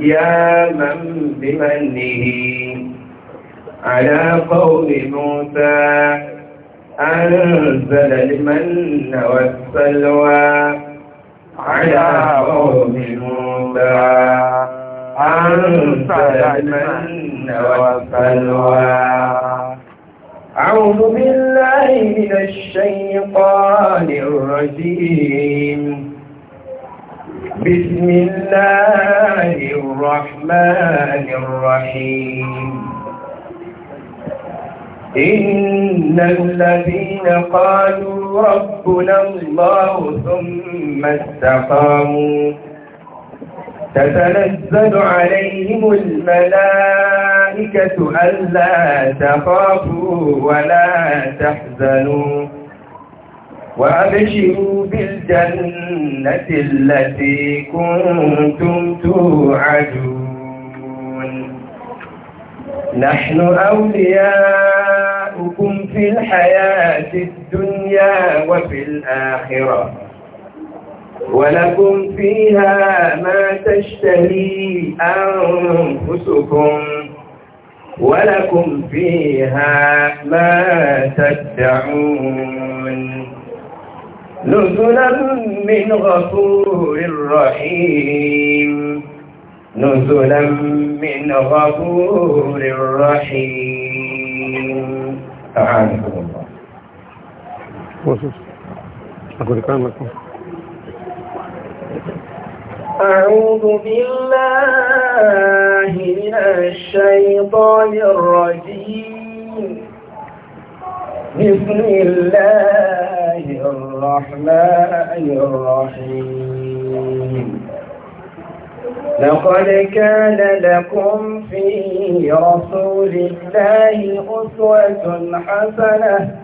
يا من بمنه على قوم موسى أنزل المن والسلوى على قوم موسى أنزل المن والسلوى أعوذ بالله من الشيطان الرجيم بسم الله الرحمن الرحيم إن الذين قالوا ربنا الله ثم استقاموا تتنزل عليهم الملائكة ألا تخافوا ولا تحزنوا وأبشروا بالجنة التي كنتم توعدون نحن أولياؤكم في الحياة الدنيا وفي الآخرة ولكم فيها ما تشتهي أنفسكم ولكم فيها ما تدعون نزلا من غفور رحيم نزلا من غفور رحيم أعانكم الله أعوذ بالله من الشيطان الرجيم بسم الله الرحمن الرحيم لقد كان لكم في رسول الله أسوة حسنة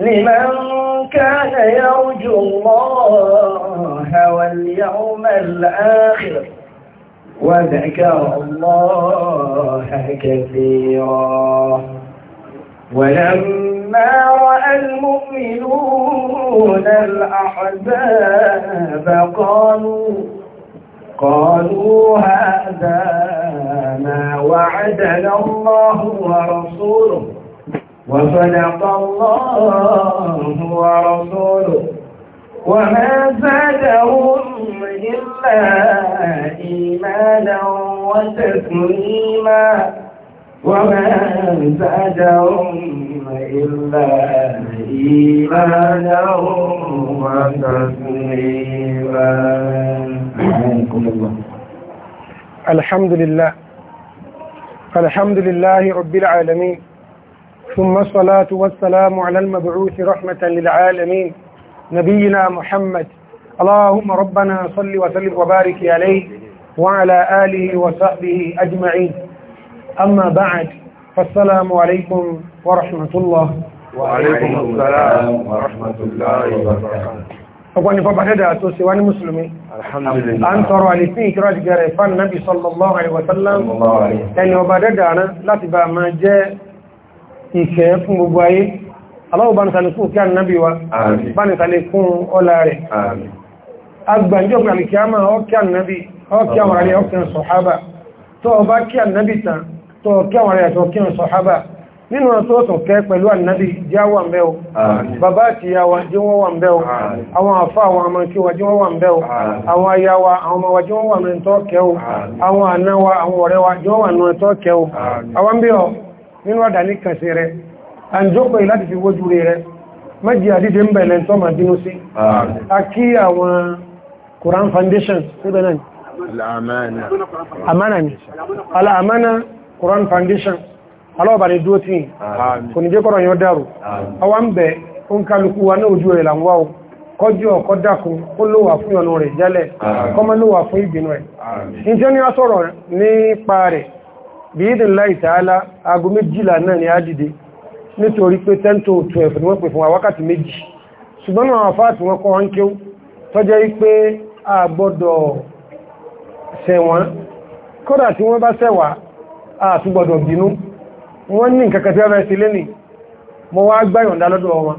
لمن كان يرجو الله واليوم الآخر وذكر الله كثيرا ولما ما رأى المؤمنون الأحزاب قالوا قالوا هذا ما وعدنا الله ورسوله وصدق الله ورسوله وما زادهم إلا إيمانا وتسليما وما زادهم إلا إيمانا وتسليما الحمد لله الحمد لله رب العالمين ثم الصلاة والسلام على المبعوث رحمة للعالمين نبينا محمد اللهم ربنا صل وسلم وبارك عليه وعلى آله وصحبه أجمعين أما بعد فالسلام عليكم ورحمة الله وعليكم السلام ورحمة الله وبركاته ọgbọ́n ni fọba dẹ́dà tó ṣe wá ní mùsùlùmí a ń tọrọ àlèfín ìkírá ti gẹ̀rẹ̀ fán náà bí sallallahu alaihi wasallam ẹni ọba dẹ́dà rán láti bá máa jẹ́ ìkẹ́ fún gbogbo ayé aláwọ̀ bá ní sàlẹ̀kún kí a nábi wa bá ní sàlẹ̀kún ọlá rẹ̀ agbànjọ́ kàlìkíámà ọkí ànábì ọkí àwọn ará ọkí àwọn sọ̀hábà tó ọba kí ànábì tán tó ọkí àwọn ará ọkí àwọn sọ̀hábà nínú àtọ́ọ̀tọ̀ kẹ́ pẹ̀lú ànábì jáwà mẹ́o bàbá àti ìyàwà jí wọ́n wà mẹ́o àwọn àfá àwọn amákíwà jí wọ́n wà mẹ́o àwọn ayáwà àwọn ọmọwà jí wọ́n wà mẹ́ntọ́ kẹ́o àwọn ànáwà àwọn ọ̀rẹ́wà jí wọ́n wà mẹ́ntọ́ kẹ́o Quran Foundation síbẹ̀ náà ni al amana Quran Foundation aláwọ̀bà ni dúó tí kò ní jẹ́ kọ́rọ̀ yọ dárò ọwá ń bẹ̀ ó ń kálukú wa ní ojú rẹ̀ làwọ́ o kọjú ọkọ̀ dákun ó lówà fún ọ̀nà rẹ̀ jálẹ̀ kọmọ lówà fún ìbínú ẹ̀ ìjẹ́ ni a sọ̀rọ̀ nípa rẹ̀ bí i dìnlá ni a dìde nítorí pé 10 to 12 ni wọ́n pè fún àwákàtí méjì ṣùgbọ́n náà àwọn fáàtì wọn kọ́ wọn tí wọ́n bá ṣẹ̀wà a tún bínú wọ́n ní nǹkan kan tí wọ́n fẹ́ sí lẹ́nì mo wá gbáyọ̀ndá lọ́dọ̀ wọn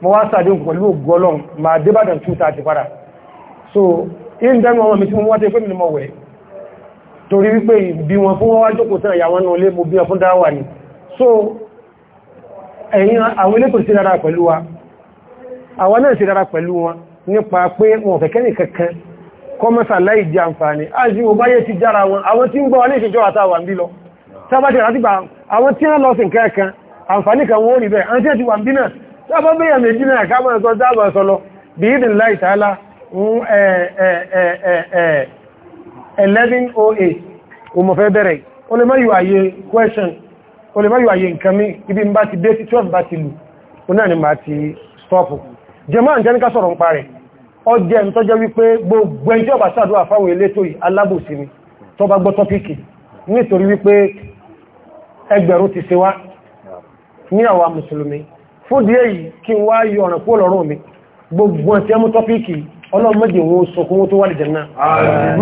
mo wá sàdé pẹ̀lú ògbọ́lọ́n ma débàdàn tún tàà ti padà so in dánú ọmọ mi tí mo wá tẹ́ pé mi mọ̀ wẹ̀ torí wípé bí wọn fún wọ́n wá jókòó tán ìyàwó ni so ẹ̀yìn àwọn ilé kò sí dára pẹ̀lú wa àwọn náà sí dára pẹ̀lú wọn sábàtì àtìgbà àwọn tí wọ́n lọ sí nǹkan ẹ̀kan àǹfààní kan wọ́n rí bẹ́ẹ̀ àwọn tí wọ́n ti wà ń bí náà sábà bẹ́yà méjì náà ká máa sọ dáàbà sọ lọ bí i dìnlá ìtàlá 1108 òmòfẹ́ bẹ̀rẹ̀ o lè má yíò àyè question o lè má yíò àyè nǹkan mi ibi ń bá ti dé sí 12 bá ti lù o náà ni máa ti stọ́pù jẹmọ́ àǹjẹ́ ní ká sọ̀rọ̀ ń parẹ̀ ọjẹ́ ń tọ́jẹ́ wípé gbogbo ẹjọ́ bá sàdúwà fáwọn elétò yìí alábòsí ni tó bá gbọ́ tọ́pìkì nítorí wípé ẹgbẹ̀rún ti ṣe wá ní àwa mùsùlùmí fún díẹ̀ yìí kí n wá yọ ọ̀ràn kúrò lọ́rùn mi gbogbo ọ̀tí ẹmú tọ́píkì ọlọ́run méje wọn ó sọkún ó tó wà lìjẹ́ náà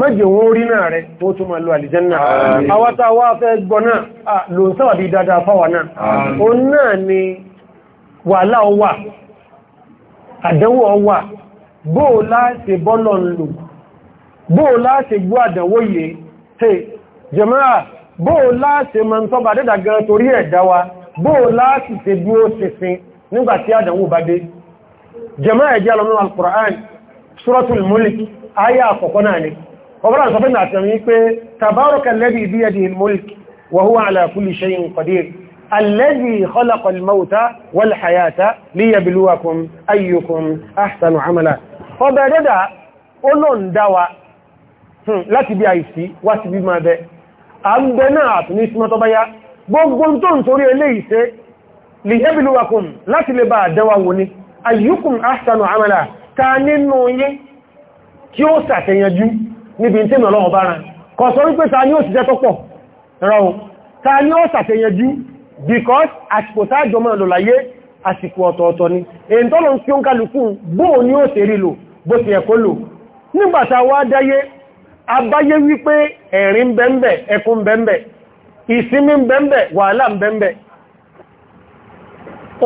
méje wọn ó rí náà rẹ tó tó máa lo àlìjẹ́ náà àwátá wá fẹ́ gbọ́ náà ló ń sáwàbí dáadáa fáwà náà ó náà ni wàhálà ó wà àdánwò ó wà bóò láti bọ́lọ̀ ń lò bóò láti gbọ́ àdánwò yìí tẹ́ jẹ́mọ́ra bóò láàṣẹ ma ń tọ́bà dẹ́dà gan torí ẹ̀dá wa bóò láàṣì ṣe bí ó ṣe sin nígbàtí àdánwò bá dé jẹmọ́ ẹ̀jẹ́ alọ́nà al-Qur'an suratul mulk ayá àkọ́kọ́ náà ni ọbọ̀lá sọ fẹ́nà àtàrí pé tabaraka alladhi biyadihi al-mulk wa huwa ala kulli shay'in qadir alladhi khalaqa hmm, láti bí àìsí wá sí bí máa bẹ́ẹ̀ a ń bẹ náà àtún ní súnmọ́ tọ́bá yá gbogbo tó ń torí eléyìí ṣe lè yẹ́bìlúwakùn láti lè bá àdẹ́wà wò ní ayyukun ahsanu amala ta nínú yí kí ó sàtẹ̀yànjú níbi tí mọ̀ lọ́wọ́ bára kọ̀ sọ wípé ta ni ó ṣiṣẹ́ tó because àsìkò tájọ mọ́ lò láyé àsìkò ọ̀tọ̀ọ̀tọ̀ ni èyí tọ́lọ ń fi ó ń kálukú bóò ni nígbàtà wá dáyé abáyé wípé ẹ̀rin bẹ́m̀bẹ̀ ẹkùn bẹ́m̀bẹ̀ ìsinmi bẹ́m̀bẹ̀ wàhálà bẹ́m̀bẹ̀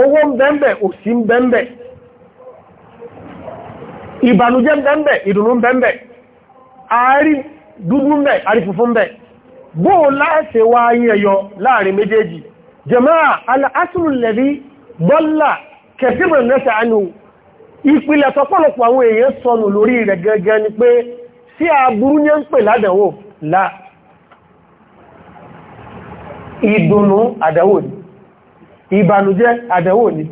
owó bẹ́m̀bẹ̀ òsì bẹ́m̀bẹ̀ ìbànújẹ́ bẹ́m̀bẹ̀ ìdùnnú bẹ́m̀bẹ̀ àárí dúdú àrí funfun bẹ́ bó láṣẹ wá yẹyọ láàrin méjèèjì jẹmáà aláàtùrùlẹ̀rí bọ́lá kẹfìrìn sí àbúrú ní ń pè ládàwò lá ìdùnnú àdàwò ni ìbànújẹ́ àdàwò ni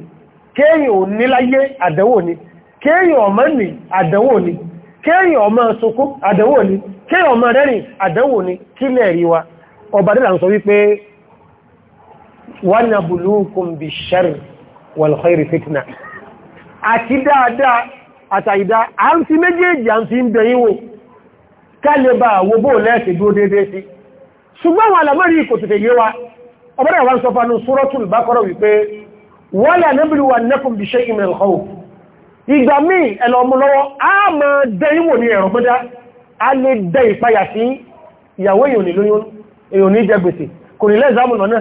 kéèyàn ò níláyé àdàwò ni kéèyàn ọmọ nì àdàwò ni kéèyàn ọmọ sọkún àdàwò ni kéèyàn ọmọ rẹ́rìn àdàwò ni kílẹ̀ rí wa àti dáadáa àtàìdá à ń fi méjèèjì à ń fi ń bẹ̀yìn wò kálẹ̀bà wo bó lẹ́ẹ̀kì dúó dédé sí ṣùgbọ́n wọn alamọ́rí kò tètè yé wa ọbọ̀dá wọn sọ fánú Suratul Baqara wípé wọ́n lẹ́ níbìlú wà nẹ́kùn bí ṣe ìmìnà ọ̀hún ìgbà míì ẹ̀lọ ọmọ lọ́wọ́ a mọ̀ dẹ ìwò ní ẹ̀rọ pẹ́dá a lè dẹ ìpayà sí ìyàwó èyàn nílóyún èyàn ní jẹ gbèsè kò ní lẹ́ẹ̀zámù lọ́nà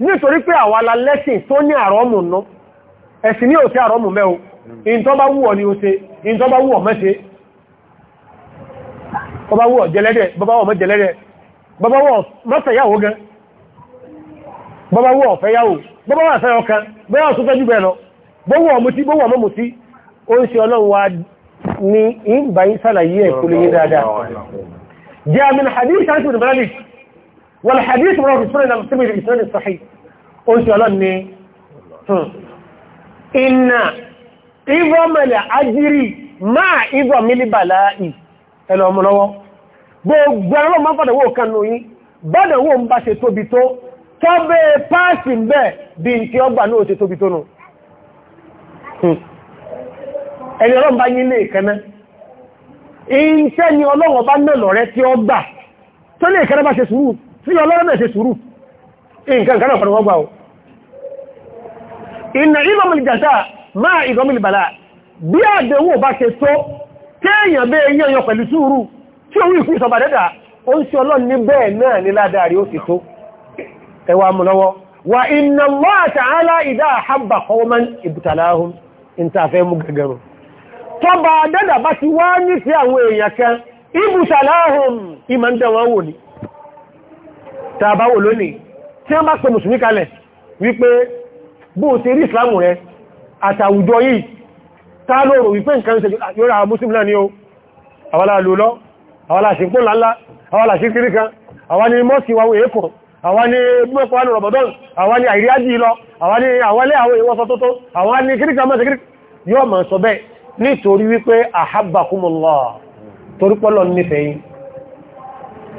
nítorí pé àwàlá lẹ́sìn tó ní àrọ́mù ná ẹ̀sìn ní òsí àrọ́mù mẹ́o in bá wùọ̀ ni ó ṣe in tó bá wùọ̀ mẹ́ṣe bọ́bá wùọ̀ jẹlẹ́dẹ̀ bọ́bá wùọ̀ mẹ́jẹlẹ́dẹ̀ bọ́bá wùọ̀ mọ́sẹ̀yàwó gan bọ́bá wùọ̀ fẹ́yàwó bọ́bá wà fẹ́ ọkàn bẹ́ẹ̀ ọ̀tún fẹ́ jùbẹ̀ lọ bọ́wọ́ ọmọtí bọ́wọ́ ọmọmọtí ó ń ṣe ọlọ́run wa ní ìbáyí sálàyé ẹ̀kùnlé yìí dáadáa jẹ́ àmì hadith sáàtùn والحديث رواه السنن المسلم بالاسناد الصحيح قلت يا لني ان عظم الاجر مع عظم البلاء ẹlọ ọmọ lọ́wọ́ gbogbo ẹ̀rọ ma ń fàdà wó kanú yí bọ́dà wó ń bá ṣe tóbi tó tọ́bẹ̀ páàsì ń bẹ̀ bí n tí ó gbà náà ṣe tóbi tó nù hmm. ẹni ọlọ́run bá yí ilé ìkẹ́nẹ́ iṣẹ́ ni ọlọ́run bá náà lọ́rẹ́ tí ó gbà tó lè ìkẹ́nẹ́ bá ṣe sùúrù tí ọlọ́rọ̀ náà ṣe sùúrù nǹkan kan náà wọ́gbà o ìnà ìgbọmìlì jàṣà máa ìgbọmìlì bàlá bí àdẹ̀wò bá ṣe tó kéèyàn bẹ́ yíyàn pẹ̀lú sùúrù tí ó wíkú ìsọba dẹ́dà ó ń ṣe ọlọ́run ní bẹ́ẹ̀ náà ní ládàrí ó ti tó ẹwà mú lọ́wọ́ wà inna Allah ta'ala idha ìmọ̀ ń wò ní tàbáwò lónìí tí wọ́n bá pẹ mùsùlùmí kalẹ̀ wípé bó ṣe rí ìsìlámù rẹ àtàwùjọ yìí tá lóòrò wípé nǹkan ṣe yóra mùsùlùmí náà ni ó àwọ́lá lòlọ́ àwọ́lá ṣe pọ́ lálá àwọ́lá ṣe kiri kan àwa ni mọ́sí wa èèkùn àwa ni mẹ́kọ̀ọ́nù rọ̀bọ̀dọ́n àwa ni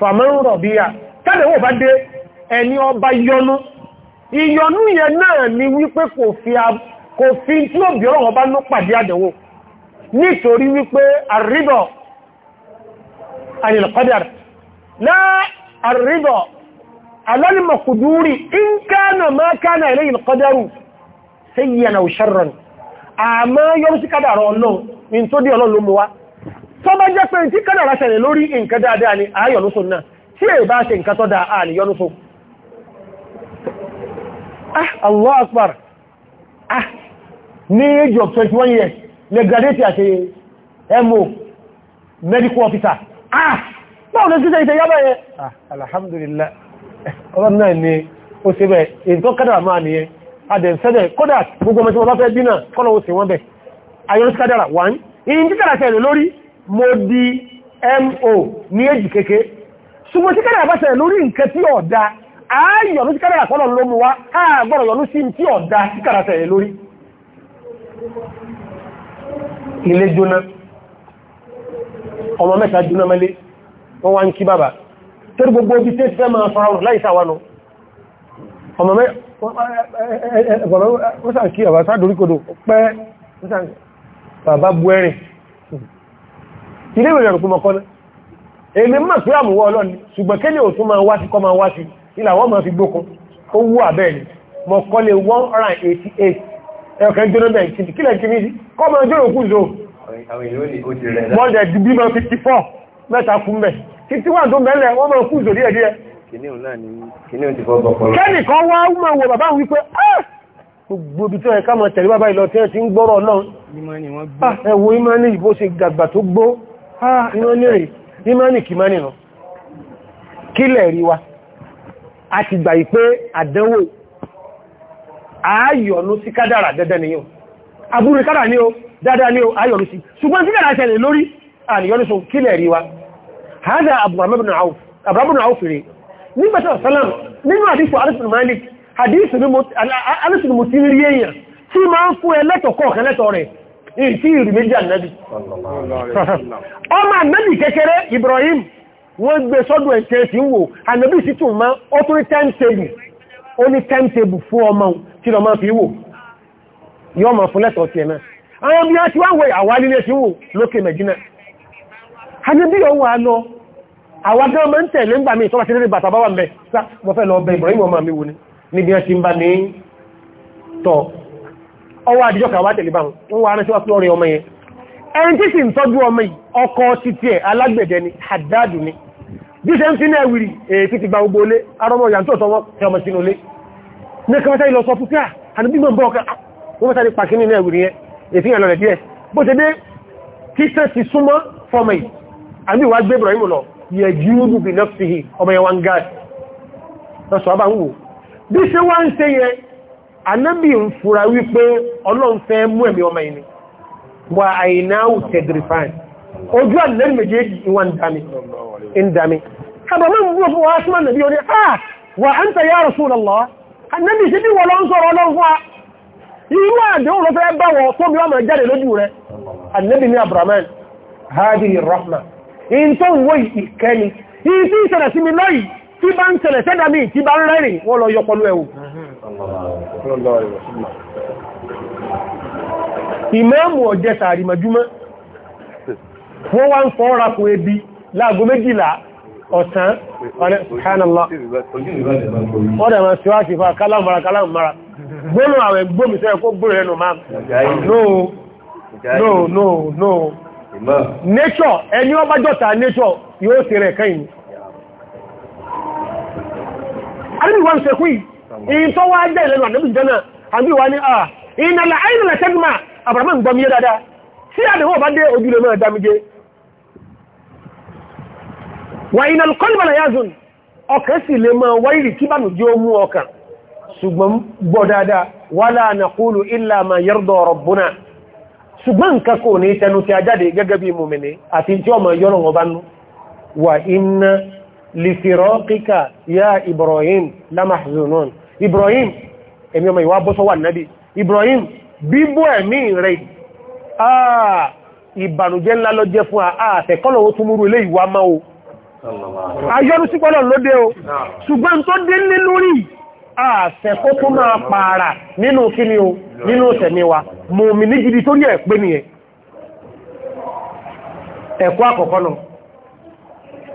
fàmọ́rọ̀ bí a tàbíwò bá dé ẹni ọba yọnú ìyọnú yẹn náà ni wípé kò fi tí ó bí ọ̀rọ̀ ọba ló pàdé àdẹ̀wò nítorí wípé àríbọ̀ àyìnlẹ̀kọ́dẹ̀rẹ̀ náà àríbọ̀ alálìmọ̀kùdúrí in kánà máa kánà ilé ìlẹ̀kọ́dẹ̀rù sí tó bá jẹ́ pé tí kádàrá ṣẹlẹ̀ lórí nǹkan dáadáa ni àáyọ̀lúsọ náà tí è bá ṣe nǹkan tó dáa àà ah Allah akpar ah ní age of 21 years lè graduate as mo medical officer ah báwọn lè ṣíṣẹ́ ìṣẹ́ yábẹ̀ yẹn ah alhamdulillah ọlọ́run náà ni ó bẹ̀ máa adẹ̀sẹ́dẹ̀ kódà gbogbo wọ́n bá fẹ́ dínà wọ́n bẹ̀ 1 ìyìn ṣẹlẹ̀ mo di mo ní èjì kéke ṣùgbọ́n tí kádàrà bá ṣẹlẹ̀ lórí nǹkan tí ọ̀dá ayọ̀nú tí kádàrà pọ́lọ̀ ló mú wá àgbọ̀rọ̀ yọ̀nú sí tí ọ̀dá tí kádàrà ṣẹlẹ̀ lórí ilé jóná ọmọ mẹ́ta jóná mẹ́lé wọ́n wá ń kí bàbá tó gbogbo ibi tí fẹ́ máa fara ọ̀rọ̀ láìsà wánú ọmọ mẹ́ ilé ìwé fún ọkọ́ náà èmi mọ̀ pé àmúwọ́ ọlọ́ni ṣùgbọ́n kí ní ò tún wá sí kọ́ máa wá sí ilà wọ́n fi gbókun ó wú àbẹ́ ni mọ̀ kọ́ lé 188 ẹ̀ọ̀kẹ́ jóná bẹ̀ kí kílẹ̀ kí ní kọ́ máa jóná kú zo wọ́n jẹ́ bí máa 54 mẹ́ta kú mẹ́ kí tí wà tó mẹ́lẹ̀ wọ́n máa kú zo díẹ̀ díẹ̀ kẹ́nìkan wá máa wọ bàbá wípé ah! gbogbo ibi tó ẹ̀ ká máa tẹ̀lé bàbá ìlọ tí ẹ ti ń gbọ́rọ̀ náà ẹ̀wọ̀ ìmọ̀ ní ah, ìbó ṣe gàgbà tó gbó ah iná ní rí ìmánì kì mánì nà kí lẹ̀ rí wa a ti gbà yí pé àdánwò ayọ̀nú sí kádàrà dandan ni yóò abúrú kádàrà ní o dáadáa ní o ayọ̀nú sí ṣùgbọ́n sí kádàrà ṣẹlẹ̀ lórí àníyọ́nú so kí lẹ̀ rí wa hádà Abdurrahman ibn Awf rẹ̀ nígbàtà sálàm nínú àdífò alìsìn malik àdífò alìsìn mo ti rí èèyàn tí máa ń fún ẹlẹ́tọ̀kọ̀ọ̀kan lẹ́tọ̀ rẹ̀ ìtí ìrì méjì ànẹ́bì ọmọ ànẹ́bì kékeré Ibrahim wọ́n gbé sọ́dọ̀ ẹ̀tẹ́ tí ń wò ànẹ́bì sí tún mọ́ ó tún ní timetable ó ní timetable fún ọmọ tí lọ máa fi wò yọ ọmọ fún lẹ́tọ̀ ti ẹ̀nà àwọn bí a ti wáwẹ̀ àwálílé tí wò lókè Mẹ̀dínà ànẹ́bì yọ wà lọ àwọn gan mọ́ ń tẹ̀lé ńgbà mi ìtọ́wà sí lórí bàtà bá wà mẹ́ sá mo fẹ́ lọ bẹ Ibrahim ọmọ mi wò ní níbi ẹ ti ń bá ní tọ́ ọwọ́ àdíjọ́ kàwà tẹ̀lé bá wọn wà ránṣẹ́ wá sí ọ̀rẹ́ ọmọ yẹn ẹni tí sì ń tọ́jú ọmọ yìí ọkọ títí ẹ̀ alágbẹ̀dẹ ni haddadu ni bí ṣe ń fi náà wìrì èyí ti gba gbogbo olé arọmọ ìyàn tó tọwọ́ tẹ ọmọ sínú olé ní kí wọ́n sáré lọ sọ fún kíá ah, àti bí mọ̀ ọkọ̀ ah. wọ́n sáré pàkí ní náà wìrì yẹn èyí yàn lọ́rẹ̀ díẹ̀ bó ṣe dé kíṣẹ́ ti súnmọ́ fọmọ yìí àbí ìwà gbé Ibrahim lọ yẹ jírúdù bí nọ́fìsì ọmọ yẹn wá ń gáàsì lọ́sọ̀ anábì ń fura wípé ọlọ́run fẹ́ mú ẹ̀mí ọmọ ìní wà àìnáwò tẹ̀dìrìfàn ojú àlẹ́rì méjèèjì ìwọ̀n dámi ìdámi kàbàmọ́ ìwọ̀n fún wa súnmọ́ nàbí orí ah wà á ń tẹ̀ yá Rasulullah anábì sí bí wọ́n lọ ń sọ̀rọ̀ ọlọ́run fún wa irú àdéhùn ló tí bá ń tẹ̀lẹ̀ sẹ́dà míì tí bá ń rẹ́rìn wọ́n lọ yọpọlú ẹ̀wù ìmáàmù ọ̀jẹ́ sàárì màjúmọ́ wọ́n wá ń fọ́ rakò ebi láàgó méjìlá ọ̀sán ọ̀rẹ́sánàlá no no no no nature ẹni ọbájọ́ta nature yóò tẹ̀rẹ̀ kẹ́yìn àríwá ń sekú yìí tó wá jẹ́ ìlẹ́nu àdébì jẹ́nà àbí wà ní àà ìnàlà àìnàlà tẹ́gbà àbàmà ń gbọmí dáadáa tí àdéhùn bá dé ojú mọ́ ẹ̀dámijé wà ìnàlù kọ́lùmọ̀lá yázùn ọkàn sì lè mọ́ wáyìrì tí bá nùjẹ́ ó mú ṣùgbọ́n gbọ́ dáadáa wà lìfìrọ́kíkà yá ibrahim lamahzunun ibrahim ẹ̀mí ọmọ ìwà bọ́sọ́ wà náàbí ibrahim bíbú ẹ̀mí rẹ̀ àà ìbànújẹ́ ńlá lọ jẹ́ fún àtẹ̀kọ́lọ̀ ó tún múrú ilé ìwà máa o ayọ́rú sí pọ́lọ̀ lóde o ṣùgbọ́n tó dé lé lórí àṣẹ̀kó tó máa pààrà nínú kíni o nínú tẹ̀mí wa mọ̀mí ní gidi tó ní ẹ̀pẹ́ nìyẹn ẹ̀kọ́ àkọ́kọ́ náà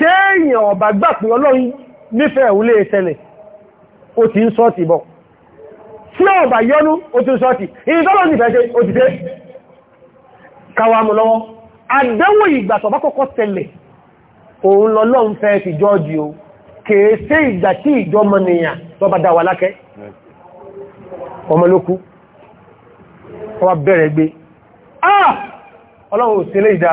téèyàn ọ̀bà gbà pé ọlọ́run nífẹ̀ẹ́ òun lè ṣẹlẹ̀ ó ti ń sọ́ọ̀tì bọ̀ tí ọ̀bà yọnú ó ti ń sọ́ọ̀tì ìtọ́lọ́ nífẹ̀ẹ́ ṣe ó ti dé káwàmù lọ́wọ́ àdánwò ìgbà tọ̀bá kọ́kọ́ tẹ̀lẹ̀ òun lọ́lọ́run fẹ́ ti ọmọlókú ọwà bẹ̀rẹ̀ gbé ah ọlọ́run ò sílé ìdá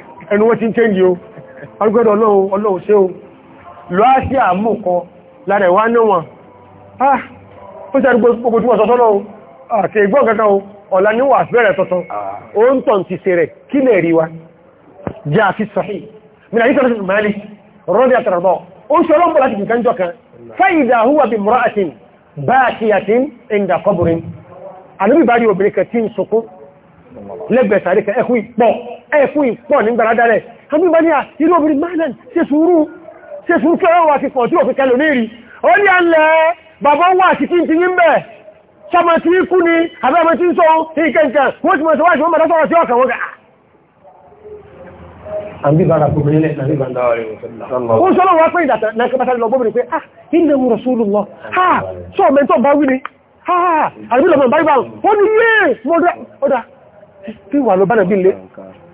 ẹnu wọ́n ti ń tẹ́jì o ọgbẹ́dọ̀ ọlọ́run ṣe o lọ á sí àmú kan lára ìwá náà wọn ah ó sẹ́rù gbogbo tí wọ́n sọ sọ́lọ́ àti ìgbọ́n kankan o ọ̀la níwà bẹ̀rẹ̀ tuntun ah. ó ń tàn ti ṣe rẹ̀ kí lè rí wa jẹ́ àfi sọ̀hí mìíràn yìí sọ́lọ́sì mẹ́lì rọ́dí àtàràbọ̀ ó ń ṣọlọ́ láti nǹkan jọ kan fáìdà húwà bí mùrá àtin bá àti àtin ìndà kọbùrin àlúbìbárí obìnrin kan tí ń sọkún lẹ́gbẹ̀ẹ́ sàárì kan ẹkùn ìpọ̀ ẹkùn ìpọ̀ ní gbàrádà rẹ̀ àmìbá ní à ilú obìnrin maryland ṣe sùúrù ṣe sùúrù kí ọwọ́ àti pọ̀ tí ò fi kẹlò ní rí ó ní àlẹ́ bàbá wà àti kí n ti yín bẹ̀ sọmọ tí kú ni àbẹ́mọ tí ń sọ tí wà ló bá nàbí lé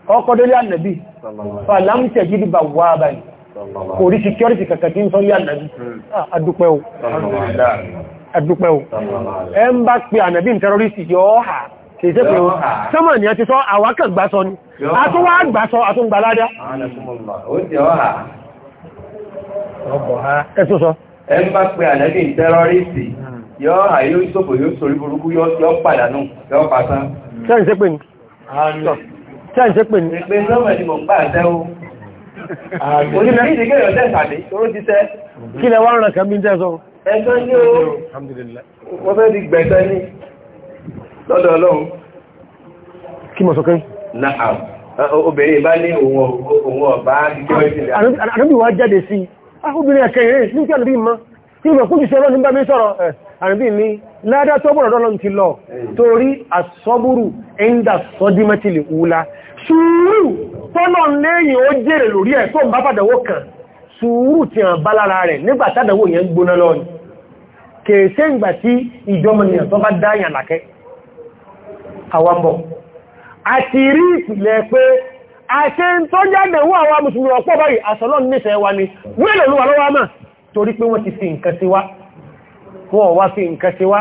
ọkọ̀dé lé ànàbí fàlámsẹ̀ gidi bà wà báyìí kò rí security kàkà tí ń sọ rí ànàbí àdúpẹ́ hmm. ah, o àdúpẹ́ o ẹ ń bá pé ànàbí terrorist yọ ọ́hà kìí sẹ́ pé sọ́mọ̀ ni a ti sọ àwákàn a tún wá gbá sọ a tún gbá ládá ẹ̀sùn sọ ẹ ń bá pé ànàbí terrorist yọ àyíyó ìṣòfò yóò sorí burúkú yọ pàdánù yọ pàtán sẹ́yìn sẹ́pẹ̀ ni tí a ń ṣe pè ní pé sọ́mọ̀ ni mò ń bá àṣẹ o onímọ̀ ìdí kéèyàn tẹ̀ sàdé tó ti tẹ́ kí lẹ wá ràn kàn bí ń tẹ́ sọ. ẹ̀sọ́ ní o mo fẹ́ di gbẹ̀sẹ̀ ní lọ́dọ̀ ọlọ́run. kí mo sọ kẹ́. náà obìnrin bá ní òun ọ̀bá ìjọ ìsìnlẹ̀. àdúgbò wa jáde sí i ah, obìnrin ẹ̀kẹ́ yẹn ní kí àdúgbò yìí mọ́ kí ìgbà kújù sí ọlọ́run bá mi sọ̀rọ̀ àrìbí ni ládá tó bọ̀rọ̀ dọ́lọ́n ti lọ torí àsọ́búrù ẹ̀ndà sọ́dímẹ́tìlì wúlá sùúrù tọ́nà lẹ́yìn ó jèrè lórí ẹ̀ tó ń bá fàdàwó kan sùúrù ti hàn bá lára rẹ̀ nígbà tàdàwó yẹn gbóná lọ́nà kèèṣe ìgbà tí ìjọmọ̀nìyàn tó bá dáyàn lákẹ́ àwambọ̀ àti rí ìpìlẹ̀ pé àṣẹ tó jáde wọ́n àwọn mùsùlùmí torí pé wọ́n ti fi nǹkan sí wa wọ́n wá sí nǹkan ṣe wá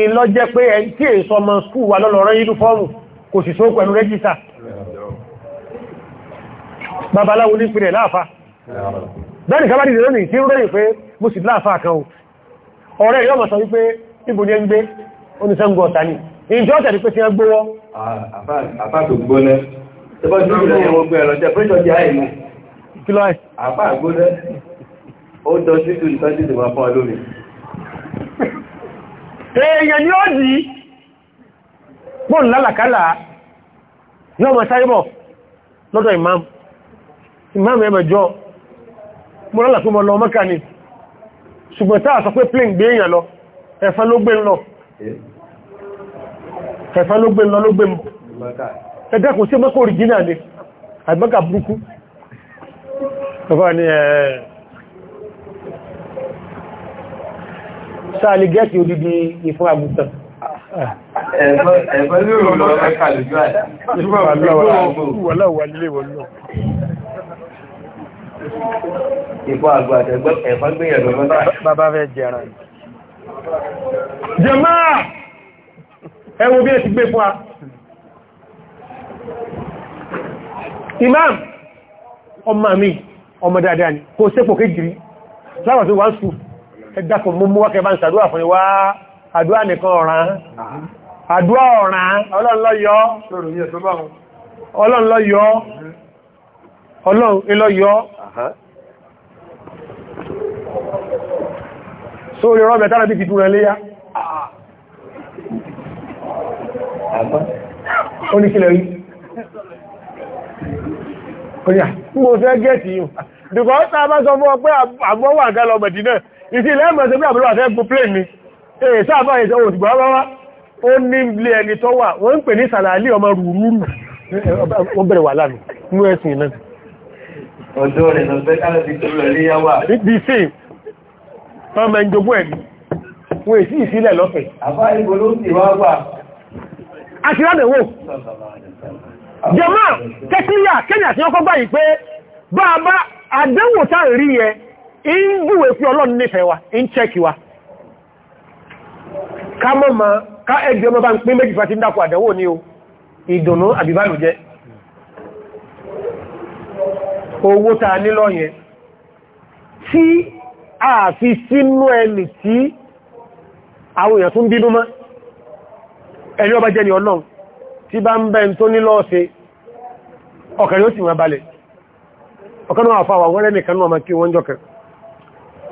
ìlọ jẹ́ pé ẹni tí èso ọmọ skúù wà lọ́lọ́rọ́ yúnífọ́ọ̀mù kò sì sóò pẹ̀lú rẹ́jísà babaláwo ní pínlẹ̀ láàfá bẹ́ẹ̀ni kábàdì lónìí tí ó rẹ̀ pé mo sì láàfá kan ọ̀rẹ́ yọ́ mọ̀ sọ wípé ibò ní ẹgbẹ́ oníṣẹ́ngbọ̀ ọ̀tà ni ìjọ tẹ̀lé pé tí wọ́n gbówọ́ àfá tó gbólẹ́ tẹ́bọ́ tí ó rẹ̀ ẹ̀wọ̀n gbé ẹ̀rọ jẹ́ pé jọ jẹ́ àìmú kí lọ́ èèyàn ni ó dì í pọ́n lálàkálà yóò mọ̀ sáyébọ̀ lọ́dọ̀ imam imam ẹmẹjọ́ mọ́ lọ́là tó mọ́ lọ mọ́ká ni ṣùgbọ́n táà sọ pé plane gbé èèyàn lọ ẹ̀fẹ́ ló gbé lọ ẹ̀fẹ́ ló gbé lọ ló gbé mọ́ ẹgbẹ́ kò sí mọ́kò original ni àgbẹ́kà burúkú ọ̀fà sáàlì gẹ́ẹ̀sì odidi ìfún àgùntàn ẹ̀gbọ́n lóòrò lọ ẹ̀kà lójú àti ìfún àgùntàn ẹ̀fọ́n gbìyànjú lọ́dá bàbá fẹ́ jẹ́ra jẹ́máà ẹwọ bí ẹ ti gbé fún a imam ọmọ mi ọmọ dáadáa ni kò sépò kéjìrí láwọn tó wá ń sùn ẹgbàkùn mú mú wákẹ bá ń sàdúwà fún ìwá àdúwà nìkan ọ̀ràn àdúwà ọ̀ràn ọlọ́nlọ́yọ́ ọlọ́nlọ́yọ́ ọlọ́nlọ́yọ́ so yọrọ bẹ̀tá náà bí ti tún rẹ léyá ó ní kílẹ̀ rí ó ní à ń gbò fẹ́ gẹ́ẹ̀tì yìí dùkọ́ ọ́ta bá sọ fún ọ pé àgbọ́wà gálọ mẹ̀dínà ìsì lẹ́mọ̀ ṣe bí àbúrò àfẹ́ gbò plé mi èyí sáàbà ìṣẹ́ òṣìgbà wáwá ó ní ilé ẹni tó wà wọ́n ń pè ní sàlàálì ọmọ rùrùrù ó bẹ̀rẹ̀ wà lánàá ní ẹ̀sìn náà ọjọ́ rẹ̀ lọ bẹ́ kálẹ̀ ti tó lọ léyàwó níbi sí ọmọ ìjọgbó ẹ̀mí wọ́n èsì ìsílẹ̀ lọ́fẹ̀ àbá ìwúwẹ̀ sí ọlọ́run nífẹ̀ẹ́ wa in wa ká mọ́ ma ká ẹgbẹ́ ọmọ bá ń pín méjì fàtí ń àdẹ̀wò ní o ìdùnnú àbíbáyò jẹ́ owó ta nílọ́yẹn tí a fi sínú ẹni tí àwọn èèyàn tún bínú mọ́ ẹni ọba jẹ́ ni ọlọ́run tí bá ń bẹ́ tó nílọ́ọ̀ṣe ọkàrí ó sì wọ́n balẹ̀ àfáwà wọ́n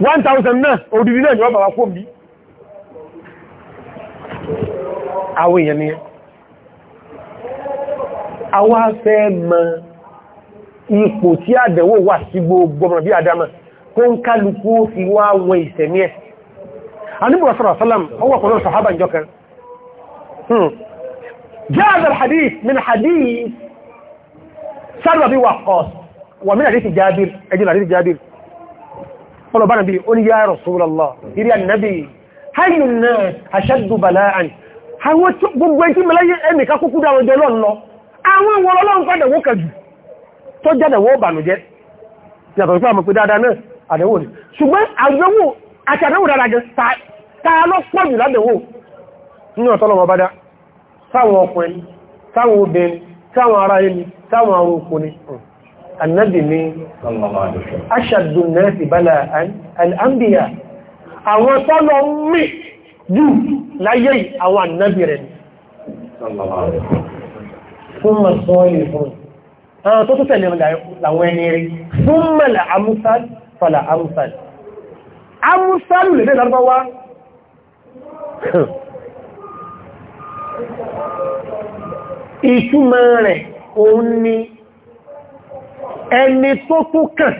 1000 náà òdìdí náà ni wọ́n bàbá fóòmí àwọn èèyàn ni àwọn afẹ́ mọ ipò tí àdẹ̀wò wà sí gbogbo ọmọ bí adama kó ń kálukú fi wá wọn ìsẹ̀mí ẹ̀ anúbọ̀ sọ́rọ̀ sọ́lám ọwọ́ pẹ̀lú sọ̀hábà ìjọ kan hmm. jẹ́ àdàl hadith min hadith sáàrùbà bí wà kọ́ wà mí hadith Jabir ẹjìn hadith Jabir ọlọ̀bá nàbí oníyà Rasulullah ìrí ànàbí hàyùn náà ashaddu bala'an àwọn gbogbo ẹjí mẹ́láyé ẹnìká kúkú dáwọn jẹ lọ́nà àwọn wọn ọlọ́run padà wó kẹjù tó jẹ́dẹ̀ wó bànújẹ́ yàtọ̀ sí àmọ́ pé dáadáa náà àdẹ̀wò ni ṣùgbọ́n àdẹ̀wò àti àdẹ̀wò dáadáa jẹ́ tàà lọ pọ̀ jù ládẹ̀wò nínú ọ̀tọ́lọ́wọ́ bá dá sáwọn ọkùnrin sáwọn obìnrin sáwọn ará ẹni sáwọn ni annabi ni aṣàdùn náà sì bá al'ambiya àwọn tọ́lọ mí jù láyé àwọn annabi rẹ̀ fún ma sọ́ọ̀lì fún àwọn tó tó tẹ̀lé àwọn ẹni rí fún mẹ́lẹ̀ amúsàl fọ́lá amúsàl amúsàl lè lárúbáwá ìtumọ̀ rẹ̀ òun ni ẹni tó tún kàn